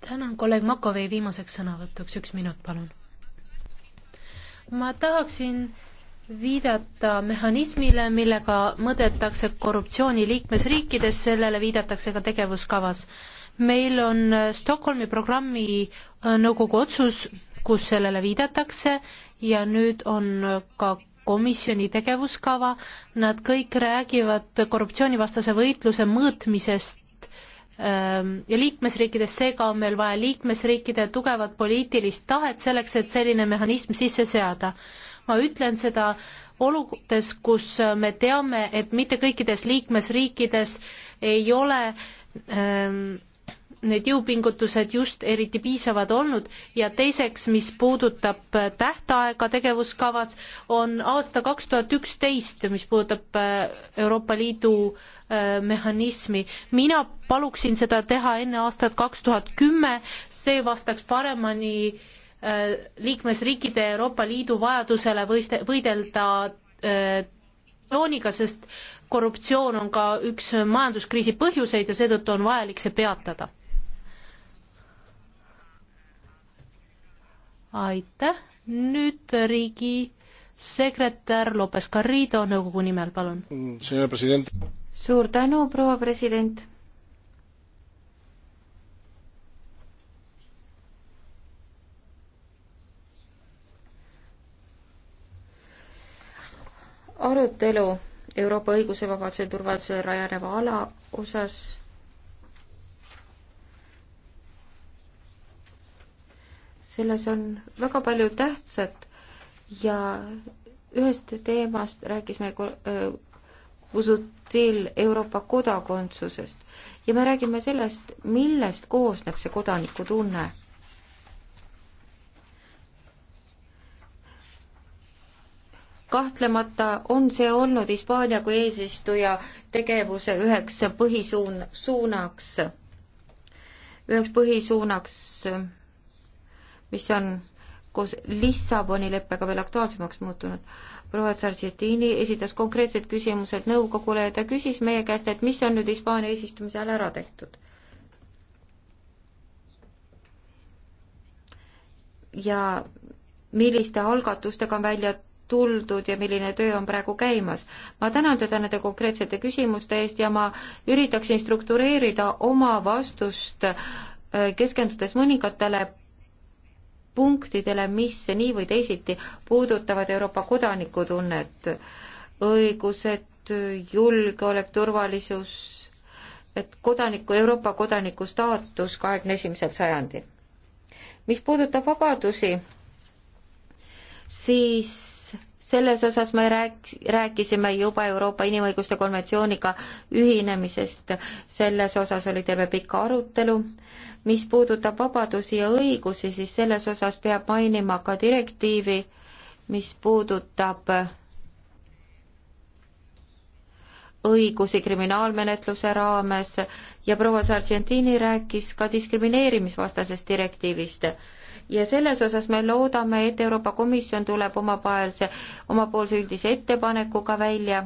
Speaker 3: tänan kolleeg Makovei viimaseks sõnavõtuks, üks minut, palun. ma tahaksin viidata mehhanismile, millega mõõdetakse korruptsiooni liikmesriikides, sellele viidatakse ka tegevuskavas. meil on Stockholmi programmi äh, nõukogu otsus, kus sellele viidatakse ja nüüd on ka komisjoni tegevuskava, nad kõik räägivad korruptsioonivastase võitluse mõõtmisest ähm, ja liikmesriikides, seega on meil vaja liikmesriikide tugevat poliitilist tahet selleks, et selline mehhanism sisse seada. ma ütlen seda oludes, kus me teame, et mitte kõikides liikmesriikides ei ole ähm, need jõupingutused just eriti piisavad olnud ja teiseks, mis puudutab tähtaega tegevuskavas, on aasta kaks tuhat üksteist, mis puudutab äh, Euroopa Liidu äh, mehhanismi. mina paluksin seda teha enne aastat kaks tuhat kümme, see vastaks paremini äh, liikmesriikide ja Euroopa Liidu vajadusele võiste, võidelda korruptsiooniga, sest korruptsioon on ka üks majanduskriisi põhjuseid ja seetõttu on vajalik see peatada aitäh, nüüd riigisekretär Lopez Garrido nõukogu nimel, palun. suur tänu, proua president.
Speaker 2: arutelu Euroopa õiguse, vabaduse ja turvalisuse rajaneva ala osas selles on väga palju tähtsat ja ühest teemast rääkis meie äh, usutil Euroopa kodakondsusest ja me räägime sellest, millest koosneb see kodanikutunne. kahtlemata on see olnud Hispaania kui eesistuja tegevuse üheks põhisuun-, suunaks, üheks põhisuunaks mis on koos Lissaboni leppega veel aktuaalsemaks muutunud. proua Sargentini esitas konkreetsed küsimused nõukogule ja ta küsis meie käest, et mis on nüüd Hispaania eesistumise ajal ära tehtud. ja milliste algatustega on välja tuldud ja milline töö on praegu käimas. ma tänan teda nende konkreetsete küsimuste eest ja ma üritaksin struktureerida oma vastust äh, keskendudes mõningatele punktidele, mis nii või teisiti puudutavad Euroopa kodanikutunnet, õigused, julgeolek, turvalisus, et kodaniku, Euroopa kodaniku staatus kahekümne esimesel sajandil. mis puudutab vabadusi, siis selles osas me rääk-, rääkisime juba Euroopa Inimõiguste konventsiooniga ühinemisest, selles osas oli terve pikk arutelu äh, mis puudutab vabadusi ja õigusi, siis selles osas peab mainima ka direktiivi, mis puudutab õigusi kriminaalmenetluse raames ja proua Sargentini rääkis ka diskrimineerimisvastasest direktiivist. ja selles osas me loodame, et Euroopa Komisjon tuleb omapoolse, omapoolse üldise ettepanekuga välja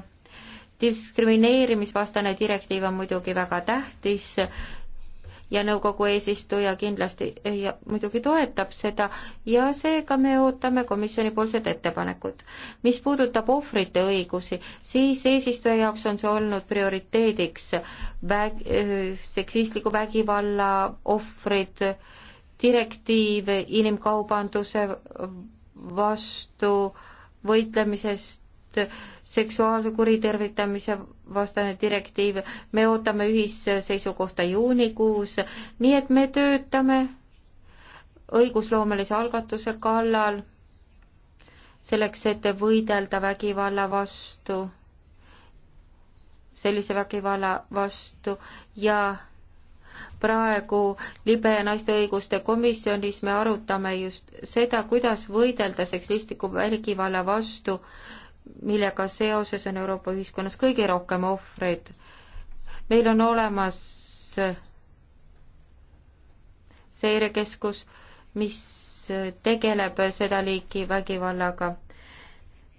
Speaker 2: diskrimineerimisvastane direktiiv on muidugi väga tähtis ja nõukogu eesistuja kindlasti ja muidugi toetab seda ja seega me ootame komisjonipoolset ettepanekut. mis puudutab ohvrite õigusi, siis eesistuja jaoks on see olnud prioriteediks väg-, seksistliku vägivalla ohvrid, direktiiv inimkaubanduse vastu võitlemisest seksuaalse kuritervitamise vastane direktiiv, me ootame ühisseisukohta juunikuus, nii et me töötame õigusloomelise algatuse kallal selleks, et võidelda vägivalla vastu, sellise vägivalla vastu ja praegu libe ja naiste õiguste komisjonis me arutame just seda, kuidas võidelda seksistliku vägivalla vastu äh, millega seoses on Euroopa ühiskonnas kõige rohkem ohvreid. meil on olemas seirekeskus, mis tegeleb seda liiki vägivallaga.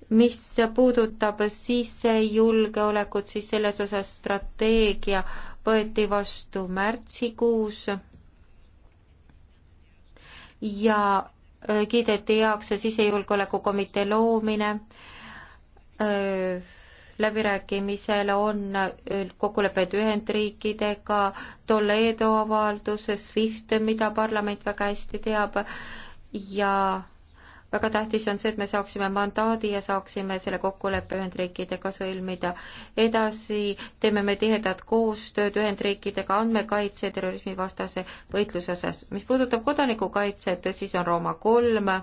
Speaker 2: mis puudutab sisejulgeolekut, siis selles osas strateegia võeti vastu märtsikuus ja kiideti heaks sisejulgeolekukomitee loomine äh, läbirääkimisel on kokkulepped Ühendriikidega, Toledo avaldus, SWIFT, mida parlament väga hästi teab ja väga tähtis on see, et me saaksime mandaadi ja saaksime selle kokkuleppe Ühendriikidega sõlmida. edasi teeme me tihedat koostööd Ühendriikidega andmekaitse ja terrorismivastase võitluse osas. mis puudutab kodanikukaitset, siis on Rooma kolm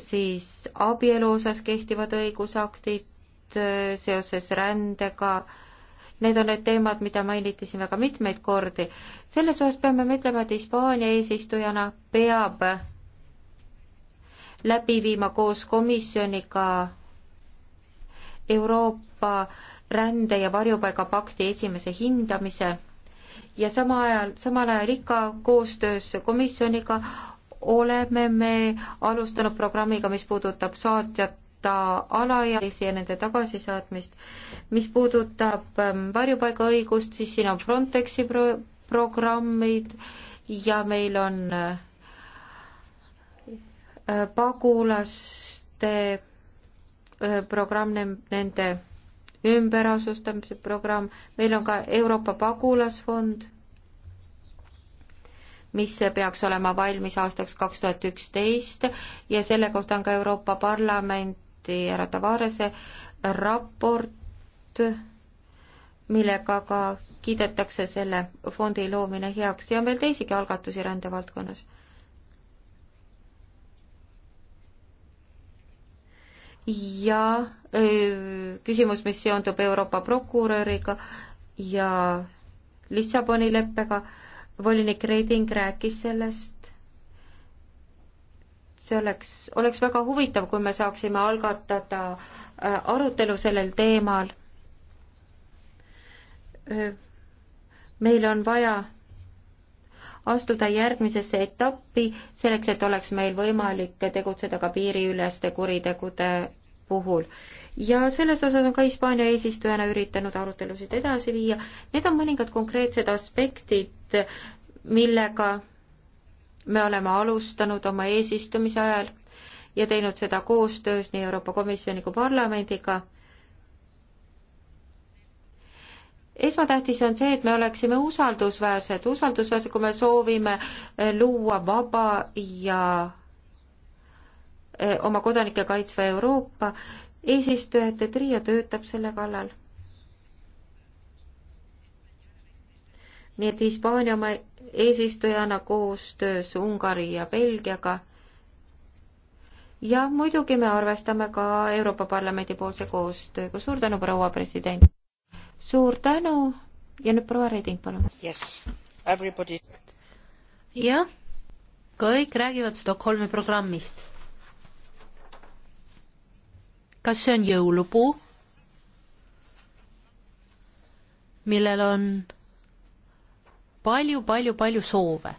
Speaker 2: siis abielu osas kehtivad õigusaktid äh, seoses rändega, need on need teemad, mida mainiti siin väga mitmeid kordi. selles osas peame me ütlema, et Hispaania eesistujana peab läbi viima koos komisjoniga Euroopa rände- ja varjupaigapakti esimese hindamise ja sama ajal, samal ajal ikka koostöös komisjoniga oleme me alustanud programmiga, mis puudutab saatjat võtta alaealisi ja nende tagasisaatmist. mis puudutab ähm, varjupaigaõigust, siis siin on Frontexi pro-, programmid ja meil on äh, äh, pagulaste äh, programm, nende ümberasustamise programm, meil on ka Euroopa pagulasfond mis peaks olema valmis aastaks kaks tuhat üksteist ja selle kohta on ka Euroopa Parlamenti härra Tavarese raport, millega ka kiidetakse selle fondi loomine heaks ja on veel teisigi algatusi rändevaldkonnas ja öö, küsimus, mis seondub Euroopa prokuröriga ja Lissaboni leppega volinik Reding rääkis sellest. see oleks, oleks väga huvitav, kui me saaksime algatada äh, arutelu sellel teemal. Äh, meil on vaja astuda järgmisesse etappi selleks, et oleks meil võimalik tegutseda ka piiriüleste kuritegude puhul. ja selles osas on ka Hispaania eesistujana üritanud arutelusid edasi viia. Need on mõningad konkreetsed aspektid, millega me oleme alustanud oma eesistumise ajal ja teinud seda koostöös nii Euroopa Komisjoni kui parlamendiga esmatähtis on see, et me oleksime usaldusväärsed, usaldusväärsed, kui me soovime luua vaba ja oma kodanike kaitsva Euroopa eesistujate trio töötab selle kallal. nii et Hispaania oma eesistujana koostöös Ungari ja Belgiaga ja muidugi me arvestame ka Euroopa Parlamendi poolse koostööga. suur tänu, proua president! suur tänu ja nüüd proua Reding, palun!
Speaker 3: Yes, everybody! jah, kõik räägivad Stockholmi programmist kas see on jõulupuu, millel on palju-palju-palju soove?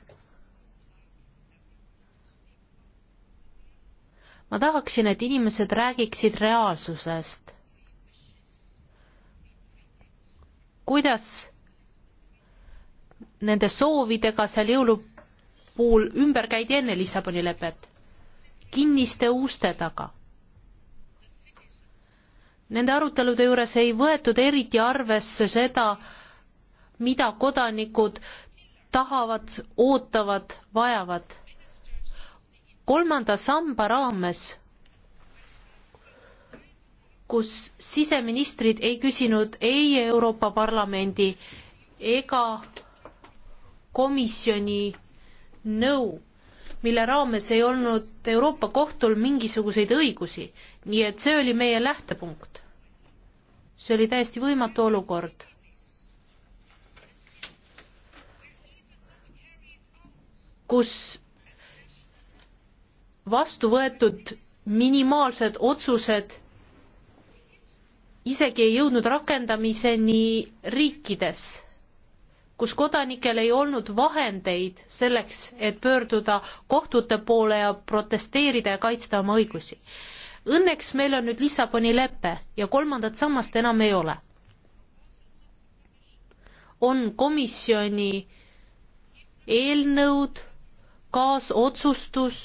Speaker 3: ma tahaksin, et inimesed räägiksid reaalsusest. kuidas nende soovidega seal jõulupuul ümber käidi enne Lissaboni lepet? kinniste uste taga Nende arutelude juures ei võetud eriti arvesse seda, mida kodanikud tahavad, ootavad, vajavad. kolmanda samba raames, kus siseministrid ei küsinud ei Euroopa Parlamendi ega komisjoni nõu, mille raames ei olnud Euroopa Kohtul mingisuguseid õigusi, nii et see oli meie lähtepunkt see oli täiesti võimatu olukord. kus vastu võetud minimaalsed otsused isegi ei jõudnud rakendamiseni riikides, kus kodanikel ei olnud vahendeid selleks, et pöörduda kohtute poole ja protesteerida ja kaitsta oma õigusi. Õnneks meil on nüüd Lissaboni lepe ja kolmandat sammast enam ei ole. on komisjoni eelnõud, kaasotsustus,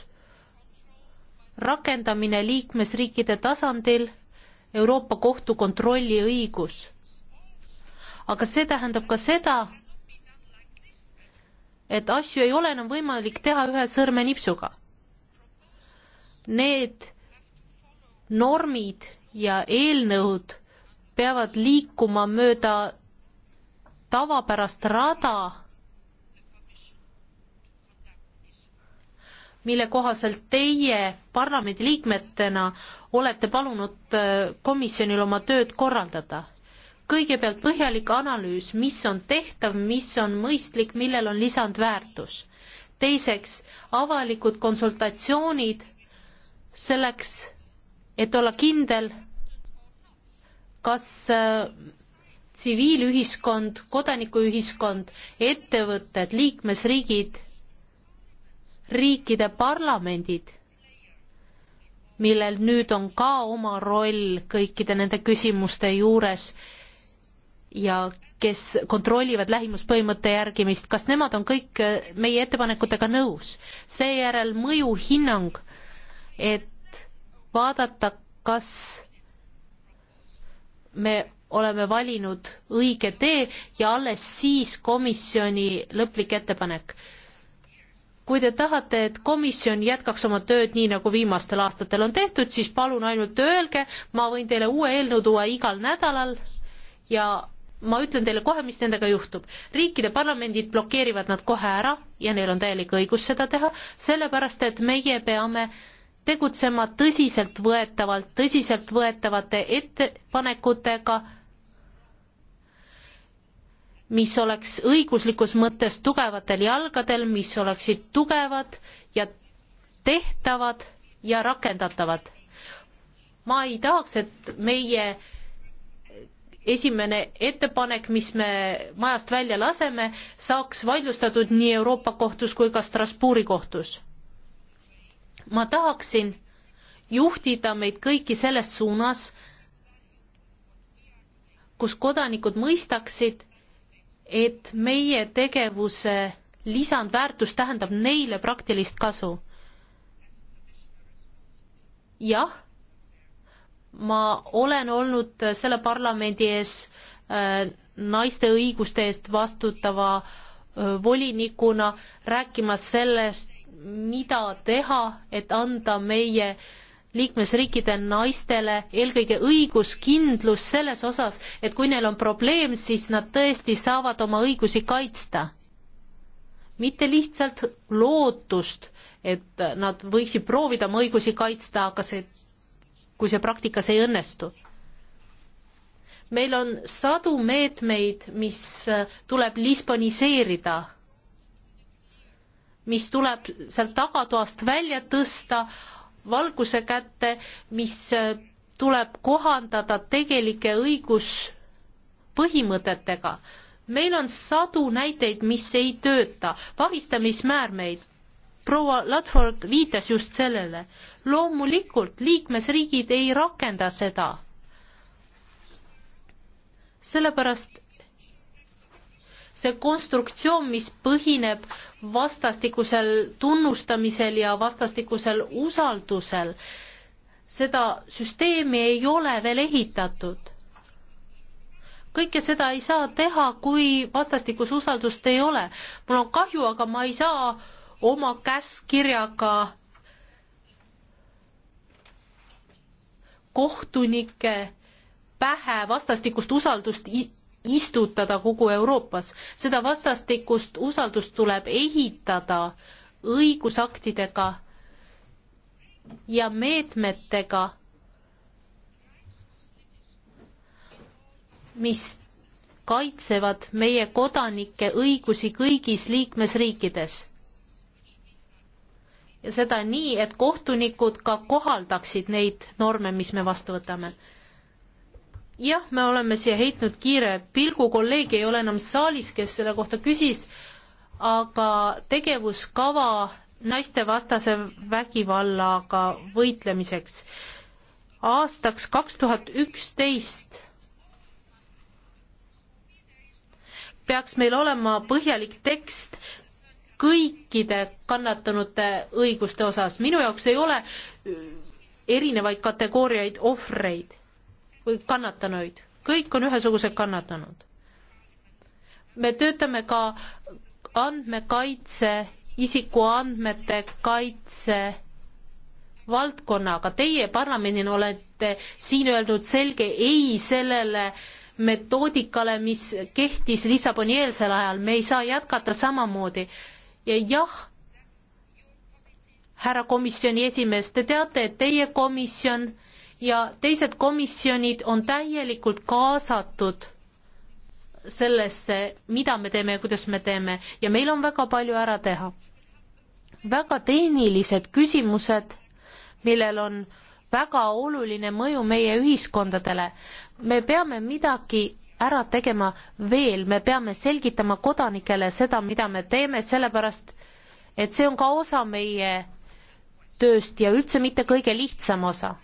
Speaker 3: rakendamine liikmesriikide tasandil, Euroopa Kohtu kontrolli õigus. aga see tähendab ka seda, et asju ei ole enam võimalik teha ühe sõrmenipsuga. Need normid ja eelnõud peavad liikuma mööda tavapärast rada, mille kohaselt teie parlamendiliikmetena olete palunud äh, komisjonil oma tööd korraldada. kõigepealt põhjalik analüüs, mis on tehtav, mis on mõistlik, millel on lisandväärtus. teiseks, avalikud konsultatsioonid selleks, et olla kindel, kas äh, tsiviilühiskond, kodanikuühiskond, ettevõtted, liikmesriigid, riikide parlamendid, millel nüüd on ka oma roll kõikide nende küsimuste juures ja kes kontrollivad lähimuspõhimõtte järgimist, kas nemad on kõik äh, meie ettepanekutega nõus? seejärel mõjuhinnang, et vaadata, kas me oleme valinud õige tee ja alles siis komisjoni lõplik ettepanek. kui te tahate, et komisjon jätkaks oma tööd nii, nagu viimastel aastatel on tehtud, siis palun ainult öelge, ma võin teile uue eelnõu tuua igal nädalal ja ma ütlen teile kohe, mis nendega juhtub. riikide parlamendid blokeerivad nad kohe ära ja neil on täielik õigus seda teha, sellepärast et meie peame äh, tegutsema tõsiseltvõetavalt, tõsiseltvõetavate ettepanekutega, mis oleks õiguslikus mõttes tugevatel jalgadel, mis oleksid tugevad ja tehtavad ja rakendatavad. ma ei tahaks, et meie esimene ettepanek, mis me majast välja laseme, saaks vaidlustatud nii Euroopa Kohtus kui ka Strasbourgi kohtus ma tahaksin juhtida meid kõiki selles suunas, kus kodanikud mõistaksid, et meie tegevuse lisandväärtus tähendab neile praktilist kasu. jah, ma olen olnud selle parlamendi ees äh, naiste õiguste eest vastutava äh, volinikuna rääkimas sellest, mida teha, et anda meie liikmesriikide naistele eelkõige õiguskindlus selles osas, et kui neil on probleem, siis nad tõesti saavad oma õigusi kaitsta. mitte lihtsalt lootust, et nad võiksid proovida oma õigusi kaitsta, aga see, kui see praktikas ei õnnestu. meil on sadu meetmeid, mis tuleb lisboniseerida mis tuleb sealt tagatoast välja tõsta valguse kätte, mis äh, tuleb kohandada tegelike õiguspõhimõtetega. meil on sadu näiteid, mis ei tööta, vahistamismäär meid, proua Ladford viitas just sellele, loomulikult liikmesriigid ei rakenda seda. sellepärast see konstruktsioon, mis põhineb vastastikusel tunnustamisel ja vastastikusel usaldusel, seda süsteemi ei ole veel ehitatud. kõike seda ei saa teha, kui vastastikust usaldust ei ole. mul on kahju, aga ma ei saa oma käskkirjaga kohtunike pähe vastastikust usaldust istutada kogu Euroopas. seda vastastikust usaldust tuleb ehitada õigusaktidega ja meetmetega, mis kaitsevad meie kodanike õigusi kõigis liikmesriikides. ja seda nii, et kohtunikud ka kohaldaksid neid norme, mis me vastu võtame jah, me oleme siia heitnud kiire pilgu, kolleeg ei ole enam saalis, kes selle kohta küsis, aga tegevuskava naistevastase vägivallaga võitlemiseks aastaks kaks tuhat üksteist peaks meil olema põhjalik tekst kõikide kannatanute õiguste osas. minu jaoks ei ole erinevaid kategooriaid ohvreid või kannatanuid, kõik on ühesugused kannatanud. me töötame ka andmekaitse, isikuandmete kaitse valdkonnaga, teie parlamendina olete siin öelnud selge ei sellele metoodikale, mis kehtis Lissaboni eelsel ajal, me ei saa jätkata samamoodi. ja jah, härra komisjoni esimees, te teate, et teie komisjon ja teised komisjonid on täielikult kaasatud sellesse, mida me teeme ja kuidas me teeme ja meil on väga palju ära teha. väga tehnilised küsimused, millel on väga oluline mõju meie ühiskondadele. me peame midagi ära tegema veel, me peame selgitama kodanikele seda, mida me teeme, sellepärast et see on ka osa meie tööst ja üldse mitte kõige lihtsam osa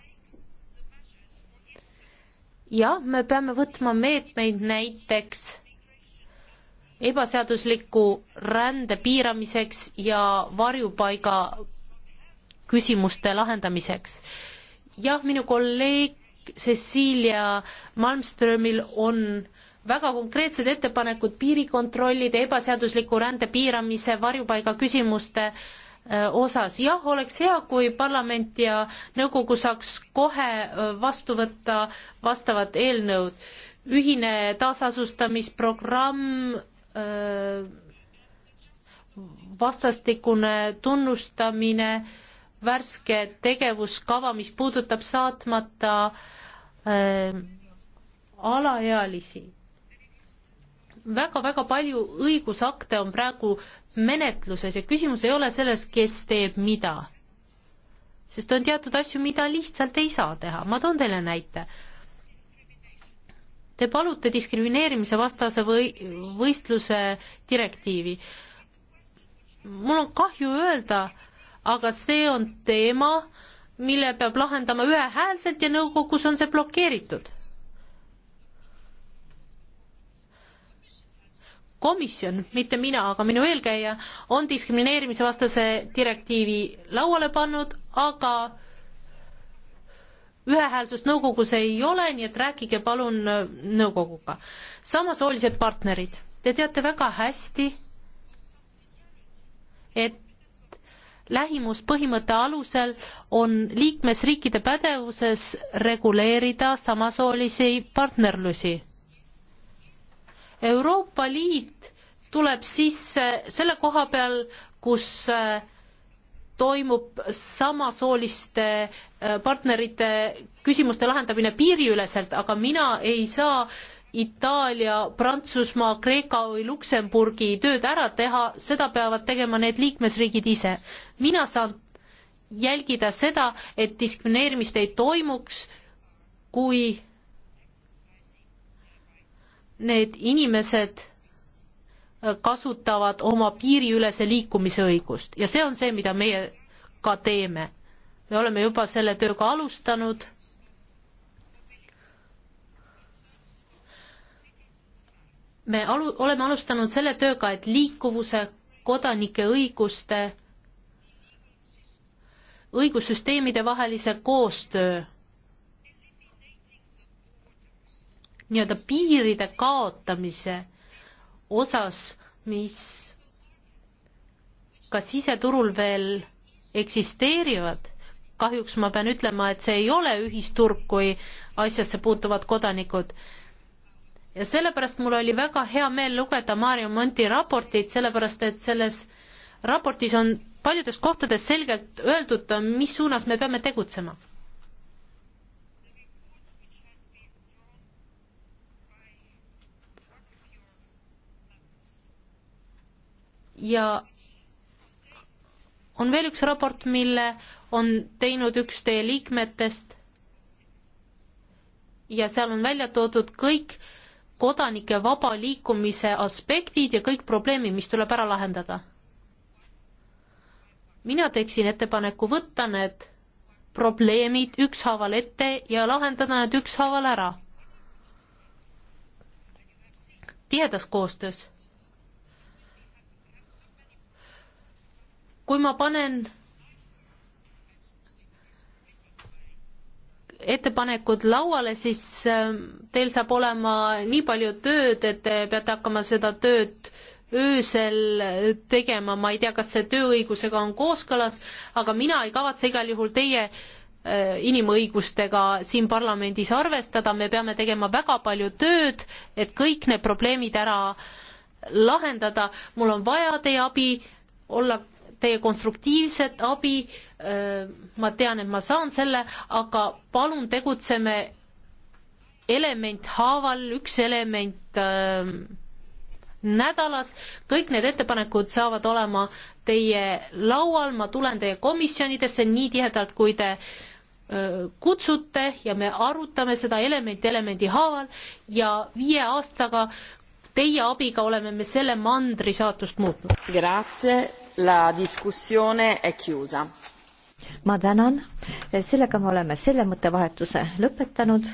Speaker 3: jah, me peame võtma meetmeid näiteks ebaseadusliku rände piiramiseks ja varjupaiga küsimuste lahendamiseks. jah, minu kolleeg Cecilia Malmströmil on väga konkreetsed ettepanekud piirikontrollide, ebaseadusliku rände piiramise, varjupaiga küsimuste äh, Äh, osas. jah, oleks hea, kui parlament ja nõukogu saaks kohe äh, vastu võtta vastavad eelnõud. ühine taasasustamisprogramm, äh, vastastikune tunnustamine, värske tegevuskava, mis puudutab saatmata äh, alaealisi väga,. väga-väga palju õigusakte on praegu menetluses ja küsimus ei ole selles, kes teeb mida. sest on teatud asju, mida lihtsalt ei saa teha, ma toon teile näite. Te palute diskrimineerimise vastase või võistluse direktiivi. mul on kahju öelda, aga see on teema, mille peab lahendama ühehäälselt ja nõukogus on see blokeeritud komisjon, mitte mina, aga minu eelkäija, on diskrimineerimise vastase direktiivi lauale pannud, aga ühehäälsust nõukogus ei ole, nii et rääkige palun nõukoguga. samasoolised partnerid, te teate väga hästi, et lähimuspõhimõtte alusel on liikmesriikide pädevuses reguleerida samasoolisi partnerlusi Euroopa Liit tuleb sisse selle koha peal, kus äh, toimub samasooliste äh, partnerite küsimuste lahendamine piiriüleselt, aga mina ei saa Itaalia, Prantsusmaa, Kreeka või Luksemburgi tööd ära teha, seda peavad tegema need liikmesriigid ise. mina saan jälgida seda, et diskrimineerimist ei toimuks, kui need inimesed äh, kasutavad oma piiriülese liikumise õigust ja see on see, mida meie ka teeme. me oleme juba selle tööga alustanud. me alu-, oleme alustanud selle tööga, et liikuvuse, kodanike õiguste, õigussüsteemide vahelise koostöö nii-öelda piiride kaotamise osas, mis ka siseturul veel eksisteerivad, kahjuks ma pean ütlema, et see ei ole ühisturg, kui asjasse puutuvad kodanikud. ja sellepärast mul oli väga hea meel lugeda Maarja Monti raportit, sellepärast et selles raportis on paljudes kohtades selgelt öeldud, mis suunas me peame tegutsema ja on veel üks raport, mille on teinud üks teie liikmetest ja seal on välja toodud kõik kodanike vaba liikumise aspektid ja kõik probleemid, mis tuleb ära lahendada. mina teeksin ettepaneku võtta need probleemid ükshaaval ette ja lahendada need ükshaaval ära. tihedas koostöös kui ma panen ettepanekud lauale, siis ähm, teil saab olema nii palju tööd, et te peate hakkama seda tööd öösel tegema, ma ei tea, kas see tööõigusega on kooskõlas, aga mina ei kavatse igal juhul teie äh, inimõigustega siin parlamendis arvestada, me peame tegema väga palju tööd, et kõik need probleemid ära lahendada, mul on vaja teie abi, olla teie konstruktiivset abi, äh, ma tean, et ma saan selle, aga palun tegutseme element haaval, üks element äh, nädalas, kõik need ettepanekud saavad olema teie laual, ma tulen teie komisjonidesse nii tihedalt, kui te öö, äh, kutsute ja me arutame seda element elemendi haaval ja viie aastaga teie abiga oleme me selle mandri saatust muutnud la discussione è chiusa.
Speaker 1: ma tänan, sellega me oleme selle mõttevahetuse lõpetanud.